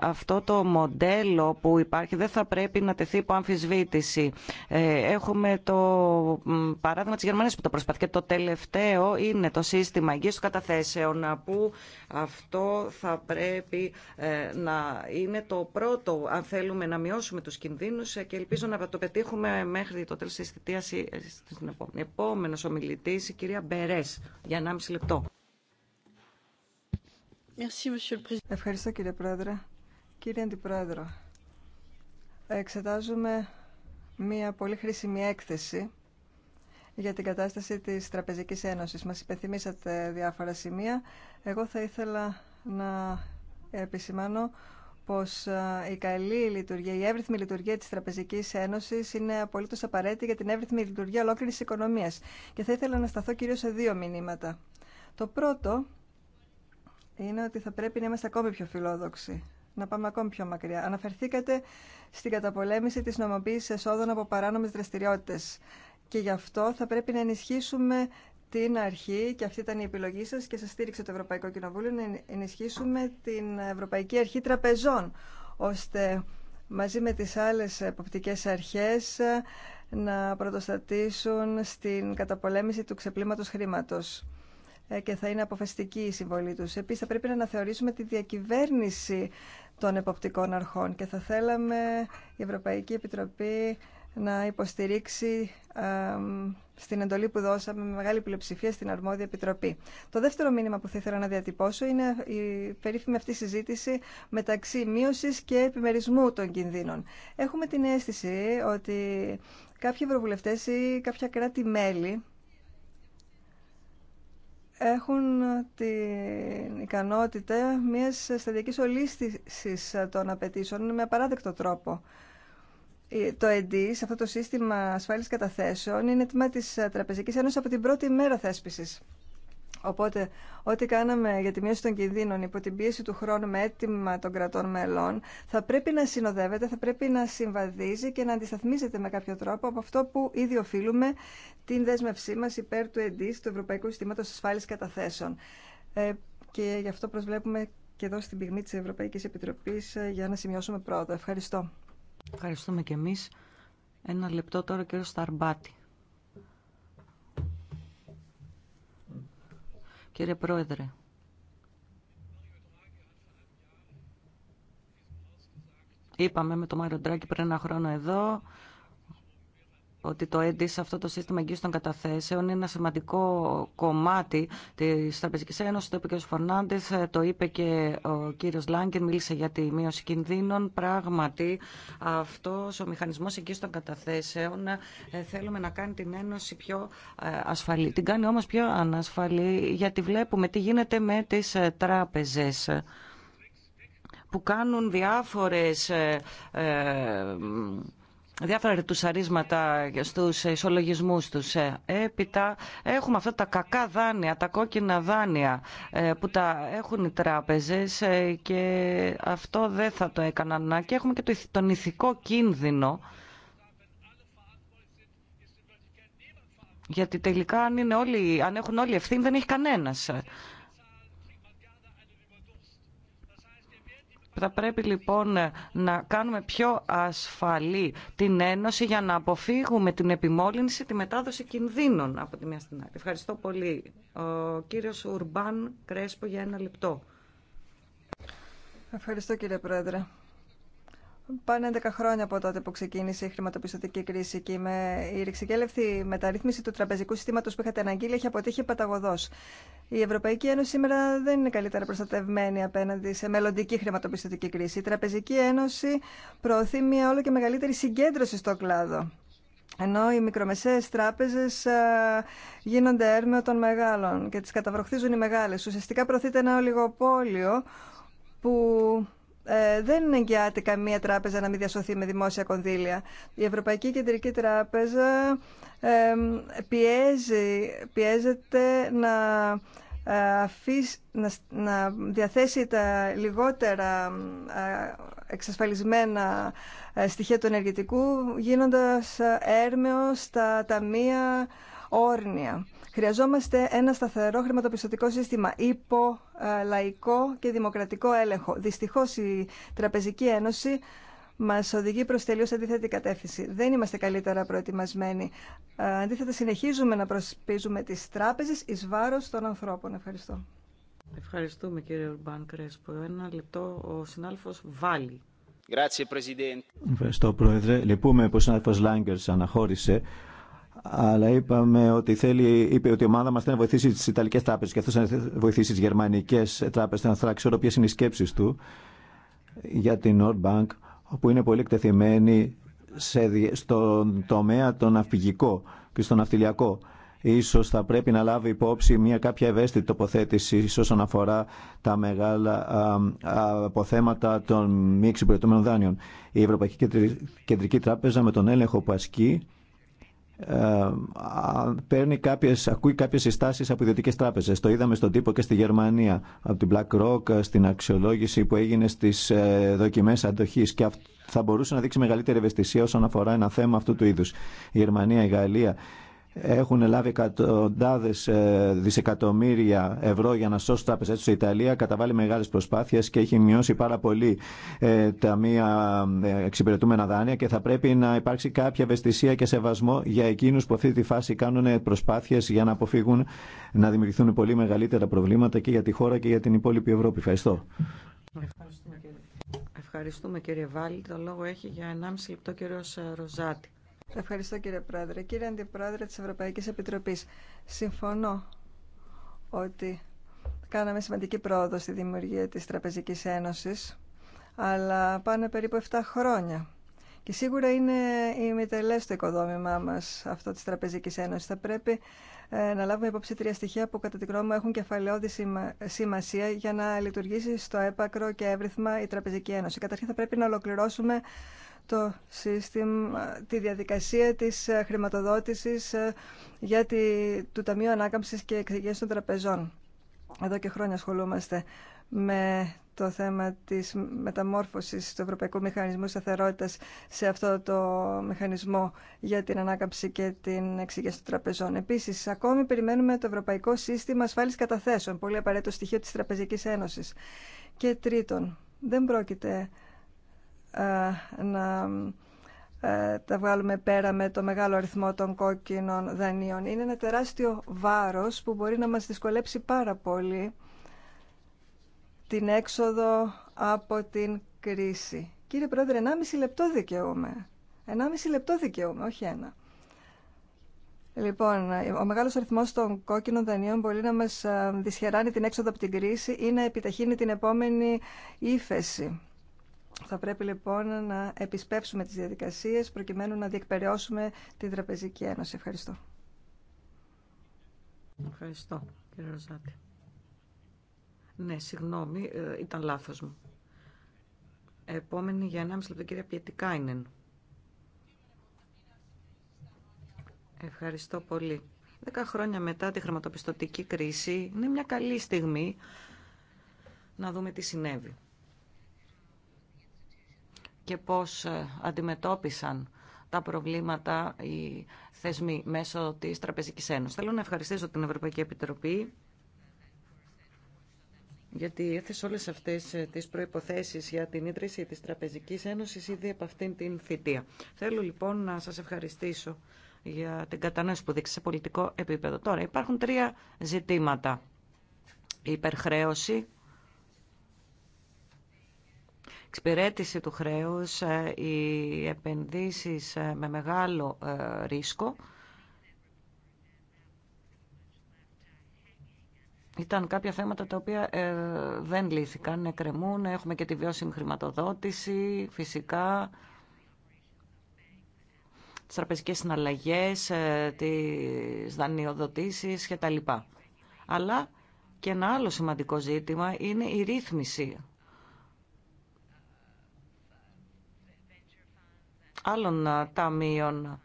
αυτό το μοντέλο που υπάρχει δεν θα πρέπει να τεθεί υπό αμφισβήτηση. έχουμε το παράδειγμα τη Γερμανία που το προσπαθεί. Και το τελευταίο είναι το σύστημα σύστημα των καταθέσεων που αυτό θα πρέπει ε, να είναι το πρώτο αν θέλουμε να μειώσουμε τους κινδύνους ε, και ελπίζω να το πετύχουμε μέχρι το τέλος της θητείας ε, στην επόμενη. Επόμενος ομιλητής η κυρία Μπερές για 1,5 λεπτό. Ευχαριστώ κύριε Πρόεδρε. Κύριε Αντιπρόεδρο, εξετάζουμε μία πολύ χρήσιμη έκθεση για την κατάσταση της Τραπεζικής Ένωσης. Μας υπενθυμίσατε διάφορα σημεία. Εγώ θα ήθελα να επισημάνω πως η καλή λειτουργία, η εύρυθμη λειτουργία της Τραπεζικής Ένωσης είναι απολύτως απαραίτητη για την εύρυθμη λειτουργία ολόκληρης της οικονομίας. Και θα ήθελα να σταθώ κυρίως σε δύο μηνύματα. Το πρώτο είναι ότι θα πρέπει να είμαστε ακόμη πιο φιλόδοξοι, να πάμε ακόμη πιο μακριά. Αναφερθήκατε στην καταπολέμηση της νομοποίησης εσόδων από παράνομες δραστηριότητες. Και γι' αυτό θα πρέπει να ενισχύσουμε την αρχή, και αυτή ήταν η επιλογή σας και σας στήριξε το Ευρωπαϊκό Κοινοβούλιο, να ενισχύσουμε την Ευρωπαϊκή Αρχή Τραπεζών, ώστε μαζί με τις άλλες εποπτικές αρχές ε, να πρωτοστατήσουν στην καταπολέμηση του ξεπλήματος χρήματος ε, και θα είναι αποφαστική η συμβολή τους. Επίσης θα πρέπει να αναθεωρήσουμε τη διακυβέρνηση των εποπτικών αρχών και θα θέλαμε η Ευρωπαϊκή Επιτροπή να υποστηρίξει στην εντολή που δώσαμε με μεγάλη πλειοψηφία στην αρμόδια επιτροπή. Το δεύτερο μήνυμα που θα ήθελα να διατυπώσω είναι η περίφημη αυτή συζήτηση μεταξύ μείωση και επιμερισμού των κινδύνων. Έχουμε την αίσθηση ότι κάποιοι ευρωβουλευτέ ή κάποια κράτη-μέλη έχουν την ικανότητα μιας σταδιακής ολίσθησης των απαιτήσεων με απαράδεκτο τρόπο. Ε, το ΕΝΤΙΣ, αυτό το σύστημα ασφάλισης καταθέσεων, είναι τμήμα της ε, Τραπεζικής Ένωσης από την πρώτη μέρα θέσπισης. Οπότε, ό,τι κάναμε για τη μείωση των κινδύνων υπό την πίεση του χρόνου με έτοιμα των κρατών μελών, θα πρέπει να συνοδεύεται, θα πρέπει να συμβαδίζει και να αντισταθμίζεται με κάποιο τρόπο από αυτό που ήδη οφείλουμε την δέσμευσή μα υπέρ του ΕΝΤΙΣ, του Ευρωπαϊκού Συστήματο Ασφάλιση Καταθέσεων. Ε, και γι' αυτό προσβλέπουμε και εδώ στην πυγμή τη Ευρωπαϊκή Επιτροπή ε, για να σημειώσουμε πρώτα. Ευχαριστώ. Ευχαριστούμε και εμείς. Ένα λεπτό τώρα κύριο Σταρμπάτη. Κύριε Πρόεδρε, είπαμε με τον Μάριο Ντράκη πριν ένα χρόνο εδώ ότι το σε αυτό το σύστημα εγγύηση των καταθέσεων, είναι ένα σημαντικό κομμάτι τη Τραπεζική Ένωση. Το είπε και ο Φορνάντε, το είπε και ο κύριο Λάγκεν, μίλησε για τη μείωση κινδύνων. Πράγματι, αυτό ο μηχανισμό εγγύηση των καταθέσεων ε, θέλουμε να κάνει την Ένωση πιο ε, ασφαλή. Την κάνει όμω πιο ανασφαλή, γιατί βλέπουμε τι γίνεται με τι ε, τράπεζε που κάνουν διάφορες διάφορα ρετουσαρίσματα στους ισολογισμούς τους. Ε, έπειτα έχουμε αυτά τα κακά δάνεια, τα κόκκινα δάνεια ε, που τα έχουν οι τράπεζες ε, και αυτό δεν θα το έκαναν. Και έχουμε και τον ηθικό κίνδυνο γιατί τελικά αν, είναι όλοι, αν έχουν όλοι ευθύνη δεν έχει κανένας Θα πρέπει λοιπόν να κάνουμε πιο ασφαλή την Ένωση για να αποφύγουμε την επιμόλυνση, τη μετάδοση κινδύνων από τη μια στην άλλη. Ευχαριστώ πολύ. Ο κύριος Ουρμπάν Κρέσπο για ένα λεπτό. Ευχαριστώ κύριε Πρόεδρε. Πάνε 11 χρόνια από τότε που ξεκίνησε η χρηματοπιστωτική κρίση και με η ρηξικέλευτη μεταρρύθμιση του τραπεζικού συστήματο που είχατε αναγγείλει έχει αποτύχει παταγωδό. Η Ευρωπαϊκή Ένωση σήμερα δεν είναι καλύτερα προστατευμένη απέναντι σε μελλοντική χρηματοπιστωτική κρίση. Η Τραπεζική Ένωση προωθεί μια όλο και μεγαλύτερη συγκέντρωση στο κλάδο. Ενώ οι μικρομεσαίες τράπεζες γίνονται έρμεο των μεγάλων και τις καταβροχθίζουν οι μεγάλες. Ουσιαστικά προωθείται ένα ολιγοπόλιο που ε, δεν εγγυάται καμία τράπεζα να μην διασωθεί με δημόσια κονδύλια. Η Ευρωπαϊκή Κεντρική Τράπεζα πιέζει, πιέζεται να, ε, να, να διαθέσει τα λιγότερα ε, εξασφαλισμένα στοιχεία του ενεργητικού, γίνοντας έρμεο στα ταμεία όρνια. Χρειαζόμαστε ένα σταθερό χρηματοπιστωτικό σύστημα υπό ε, λαϊκό και δημοκρατικό έλεγχο. Δυστυχώ, η Τραπεζική Ένωση μα οδηγεί προ τελείω αντίθετη κατεύθυνση. Δεν είμαστε καλύτερα προετοιμασμένοι. Ε, αντίθετα, συνεχίζουμε να προσπίζουμε τι τράπεζε ει βάρο των ανθρώπων. Ευχαριστώ. Ευχαριστούμε, κύριε Ορμπάν Κρέσπο. Ένα λεπτό, ο συνάδελφο Βάλι. Ευχαριστώ, Πρόεδρε. Λυπούμε που ο συνάδελφο Λάγκερ αναχώρησε αλλά είπαμε ότι θέλει, είπε ότι η ομάδα μα θέλει να βοηθήσει τι Ιταλικέ τράπεζε και αυτό θέλει να βοηθήσει τι Γερμανικέ τράπεζε. Θέλω να όλο ποιε είναι οι σκέψει του για την Nordbank, όπου είναι πολύ εκτεθειμένη σε, στον τομέα τον ναυπηγικό και στον ναυτιλιακό. Ίσως θα πρέπει να λάβει υπόψη μια κάποια ευαίσθητη τοποθέτηση όσον αφορά τα μεγάλα αποθέματα των μη εξυπηρετούμενων δάνειων. Η Ευρωπαϊκή Κεντρική Τράπεζα με τον έλεγχο που ασκεί ε, παίρνει κάποιες, ακούει κάποιες συστάσεις από ιδιωτικές τράπεζες. Το είδαμε στον τύπο και στη Γερμανία, από την BlackRock, στην αξιολόγηση που έγινε στις ε, δοκιμές αντοχής και θα μπορούσε να δείξει μεγαλύτερη ευαισθησία όσον αφορά ένα θέμα αυτού του είδους. Η Γερμανία, η Γαλλία, έχουν λάβει εκατοντάδε ε, δισεκατομμύρια ευρώ για να σώσουν τράπεζε του. Η Ιταλία καταβάλει μεγάλε προσπάθειε και έχει μειώσει πάρα πολύ ε, τα μία ε, εξυπηρετούμενα δάνεια και θα πρέπει να υπάρξει κάποια ευαισθησία και σεβασμό για εκείνου που αυτή τη φάση κάνουν προσπάθειε για να αποφύγουν να δημιουργηθούν πολύ μεγαλύτερα προβλήματα και για τη χώρα και για την υπόλοιπη Ευρώπη. Ευχαριστώ. Ευχαριστούμε κύριε, Ευχαριστούμε, Το λόγο έχει για 1,5 λεπτό κύριο Ροζάτη. Ευχαριστώ κύριε Πρόεδρε. Κύριε Αντιπρόεδρε της Ευρωπαϊκής Επιτροπής, συμφωνώ ότι κάναμε σημαντική πρόοδο στη δημιουργία της Τραπεζικής Ένωσης, αλλά πάνε περίπου 7 χρόνια. Και σίγουρα είναι η μητελέ το οικοδόμημά μα αυτό τη τραπεζική Ένωση. Θα πρέπει ε, να λάβουμε υπόψη τρία στοιχεία που κατά την γνώμη μου έχουν κεφαλαιώδη σημασία για να λειτουργήσει στο έπακρο και εύρυθμα η Τραπεζική Ένωση. Καταρχήν θα πρέπει να ολοκληρώσουμε το σύστημα, τη διαδικασία της ε, χρηματοδότησης ε, για τη, του Ταμείου Ανάκαμψης και Εξηγήσεων των Τραπεζών. Εδώ και χρόνια ασχολούμαστε με το θέμα της μεταμόρφωσης του Ευρωπαϊκού Μηχανισμού Σταθερότητας σε αυτό το μηχανισμό για την ανάκαμψη και την εξηγήση των τραπεζών. Επίσης, ακόμη περιμένουμε το Ευρωπαϊκό Σύστημα Ασφάλισης Καταθέσεων, πολύ απαραίτητο στοιχείο της Τραπεζικής Ένωσης. Και τρίτον, δεν πρόκειται ε, να ε, τα βγάλουμε πέρα με το μεγάλο αριθμό των κόκκινων δανείων. Είναι ένα τεράστιο βάρος που μπορεί να μας δυσκολέψει πάρα πολύ την έξοδο από την κρίση. Κύριε Πρόεδρε, 1,5 λεπτό δικαιούμε. 1,5 λεπτό δικαιούμε, όχι ένα. Λοιπόν, ο μεγάλος αριθμός των κόκκινων δανείων μπορεί να μας ε, δυσχεράνει την έξοδο από την κρίση ή να επιταχύνει την επόμενη ύφεση. Θα πρέπει λοιπόν να επισπεύσουμε τις διαδικασίες προκειμένου να διεκπαιρεώσουμε την Τραπεζική Ένωση. Ευχαριστώ. Ευχαριστώ κύριε Ροζάτη. Ναι, συγγνώμη, ε, ήταν λάθος μου. Επόμενη για 1,5 λεπτό κυρία Πιετικάινεν. Ευχαριστώ πολύ. Δέκα χρόνια μετά τη χρηματοπιστωτική κρίση είναι μια καλή στιγμή να δούμε τι συνέβη και πώς ε, αντιμετώπισαν τα προβλήματα οι θεσμοί μέσω της Τραπεζικής Ένωσης. Θέλω να ευχαριστήσω την Ευρωπαϊκή Επιτροπή γιατί έθεσε όλες αυτές ε, τις προϋποθέσεις για την ίδρυση της Τραπεζικής Ένωσης ήδη από αυτήν την θητεία. Θέλω λοιπόν να σας ευχαριστήσω για την κατανόηση που δείξει σε πολιτικό επίπεδο. Τώρα υπάρχουν τρία ζητήματα. Η υπερχρέωση εξυπηρέτηση του χρέους, ε, οι επενδύσεις ε, με μεγάλο ε, ρίσκο Ήταν κάποια θέματα τα οποία δεν λύθηκαν, εκκρεμούν. Έχουμε και τη βιώσιμη χρηματοδότηση, φυσικά, τις τραπεζικές συναλλαγές, τις δανειοδοτήσεις κτλ. Αλλά και ένα άλλο σημαντικό ζήτημα είναι η ρύθμιση άλλων ε, ταμείων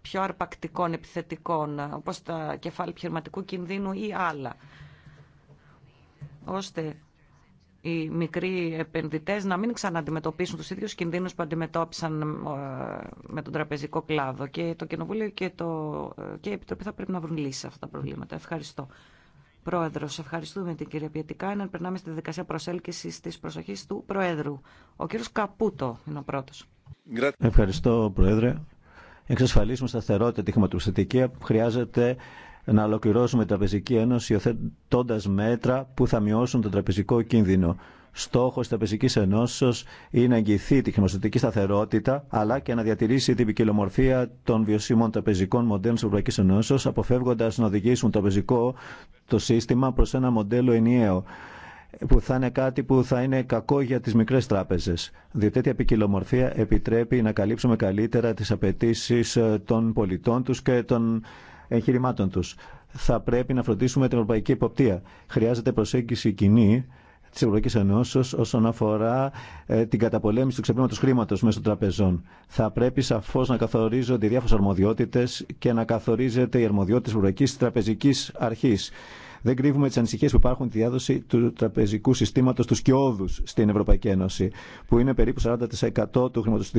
πιο αρπακτικών επιθετικών, όπως τα κεφάλαια επιχειρηματικού κινδύνου ή άλλα, ώστε οι μικροί επενδυτές να μην ξανααντιμετωπίσουν τους ίδιους κινδύνους που αντιμετώπισαν ε, με τον τραπεζικό κλάδο. Και το Κοινοβούλιο και, το, ε, και η Επιτροπή θα πρέπει να βρουν λύση σε αυτά τα προβλήματα. Ευχαριστώ. Πρόεδρο, ευχαριστούμε την κυρία Πιετικά. Να περνάμε στη δικασία προσέλκυση τη προσοχή του Προέδρου. Ο κύριο Καπούτο είναι ο πρώτο. Ευχαριστώ, Πρόεδρε. Εξασφαλίσουμε σταθερότητα τη χρηματοπιστωτική που χρειάζεται να ολοκληρώσουμε την Τραπεζική Ένωση υιοθετώντα μέτρα που θα μειώσουν τον τραπεζικό κίνδυνο. Στόχο τη Τραπεζική Ενώσεω είναι να εγγυηθεί τη χρηματοδοτική σταθερότητα αλλά και να διατηρήσει την ποικιλομορφία των βιωσίμων τραπεζικών μοντέλων τη Ευρωπαϊκή Ενώσεω, αποφεύγοντα να οδηγήσουν το τραπεζικό το σύστημα προ ένα μοντέλο ενιαίο που θα είναι κάτι που θα είναι κακό για τις μικρές τράπεζες. Διότι τέτοια ποικιλομορφία επιτρέπει να καλύψουμε καλύτερα τις απαιτήσει ε, των πολιτών τους και των εγχειρημάτων τους. Θα πρέπει να φροντίσουμε την ευρωπαϊκή εποπτεία. Χρειάζεται προσέγγιση κοινή τη Ευρωπαϊκή Ενώσεω όσον αφορά ε, την καταπολέμηση του ξεπλήματο χρήματο μέσω τραπεζών. Θα πρέπει σαφώ να καθορίζονται οι διάφορε αρμοδιότητε και να καθορίζεται η αρμοδιότητα τη Ευρωπαϊκή Τραπεζική Αρχή. Δεν κρύβουμε τι ανησυχίε που υπάρχουν τη διάδοση του τραπεζικού συστήματο του Σκιώδου στην Ευρωπαϊκή Ένωση, που είναι περίπου 40% του χρηματοστικού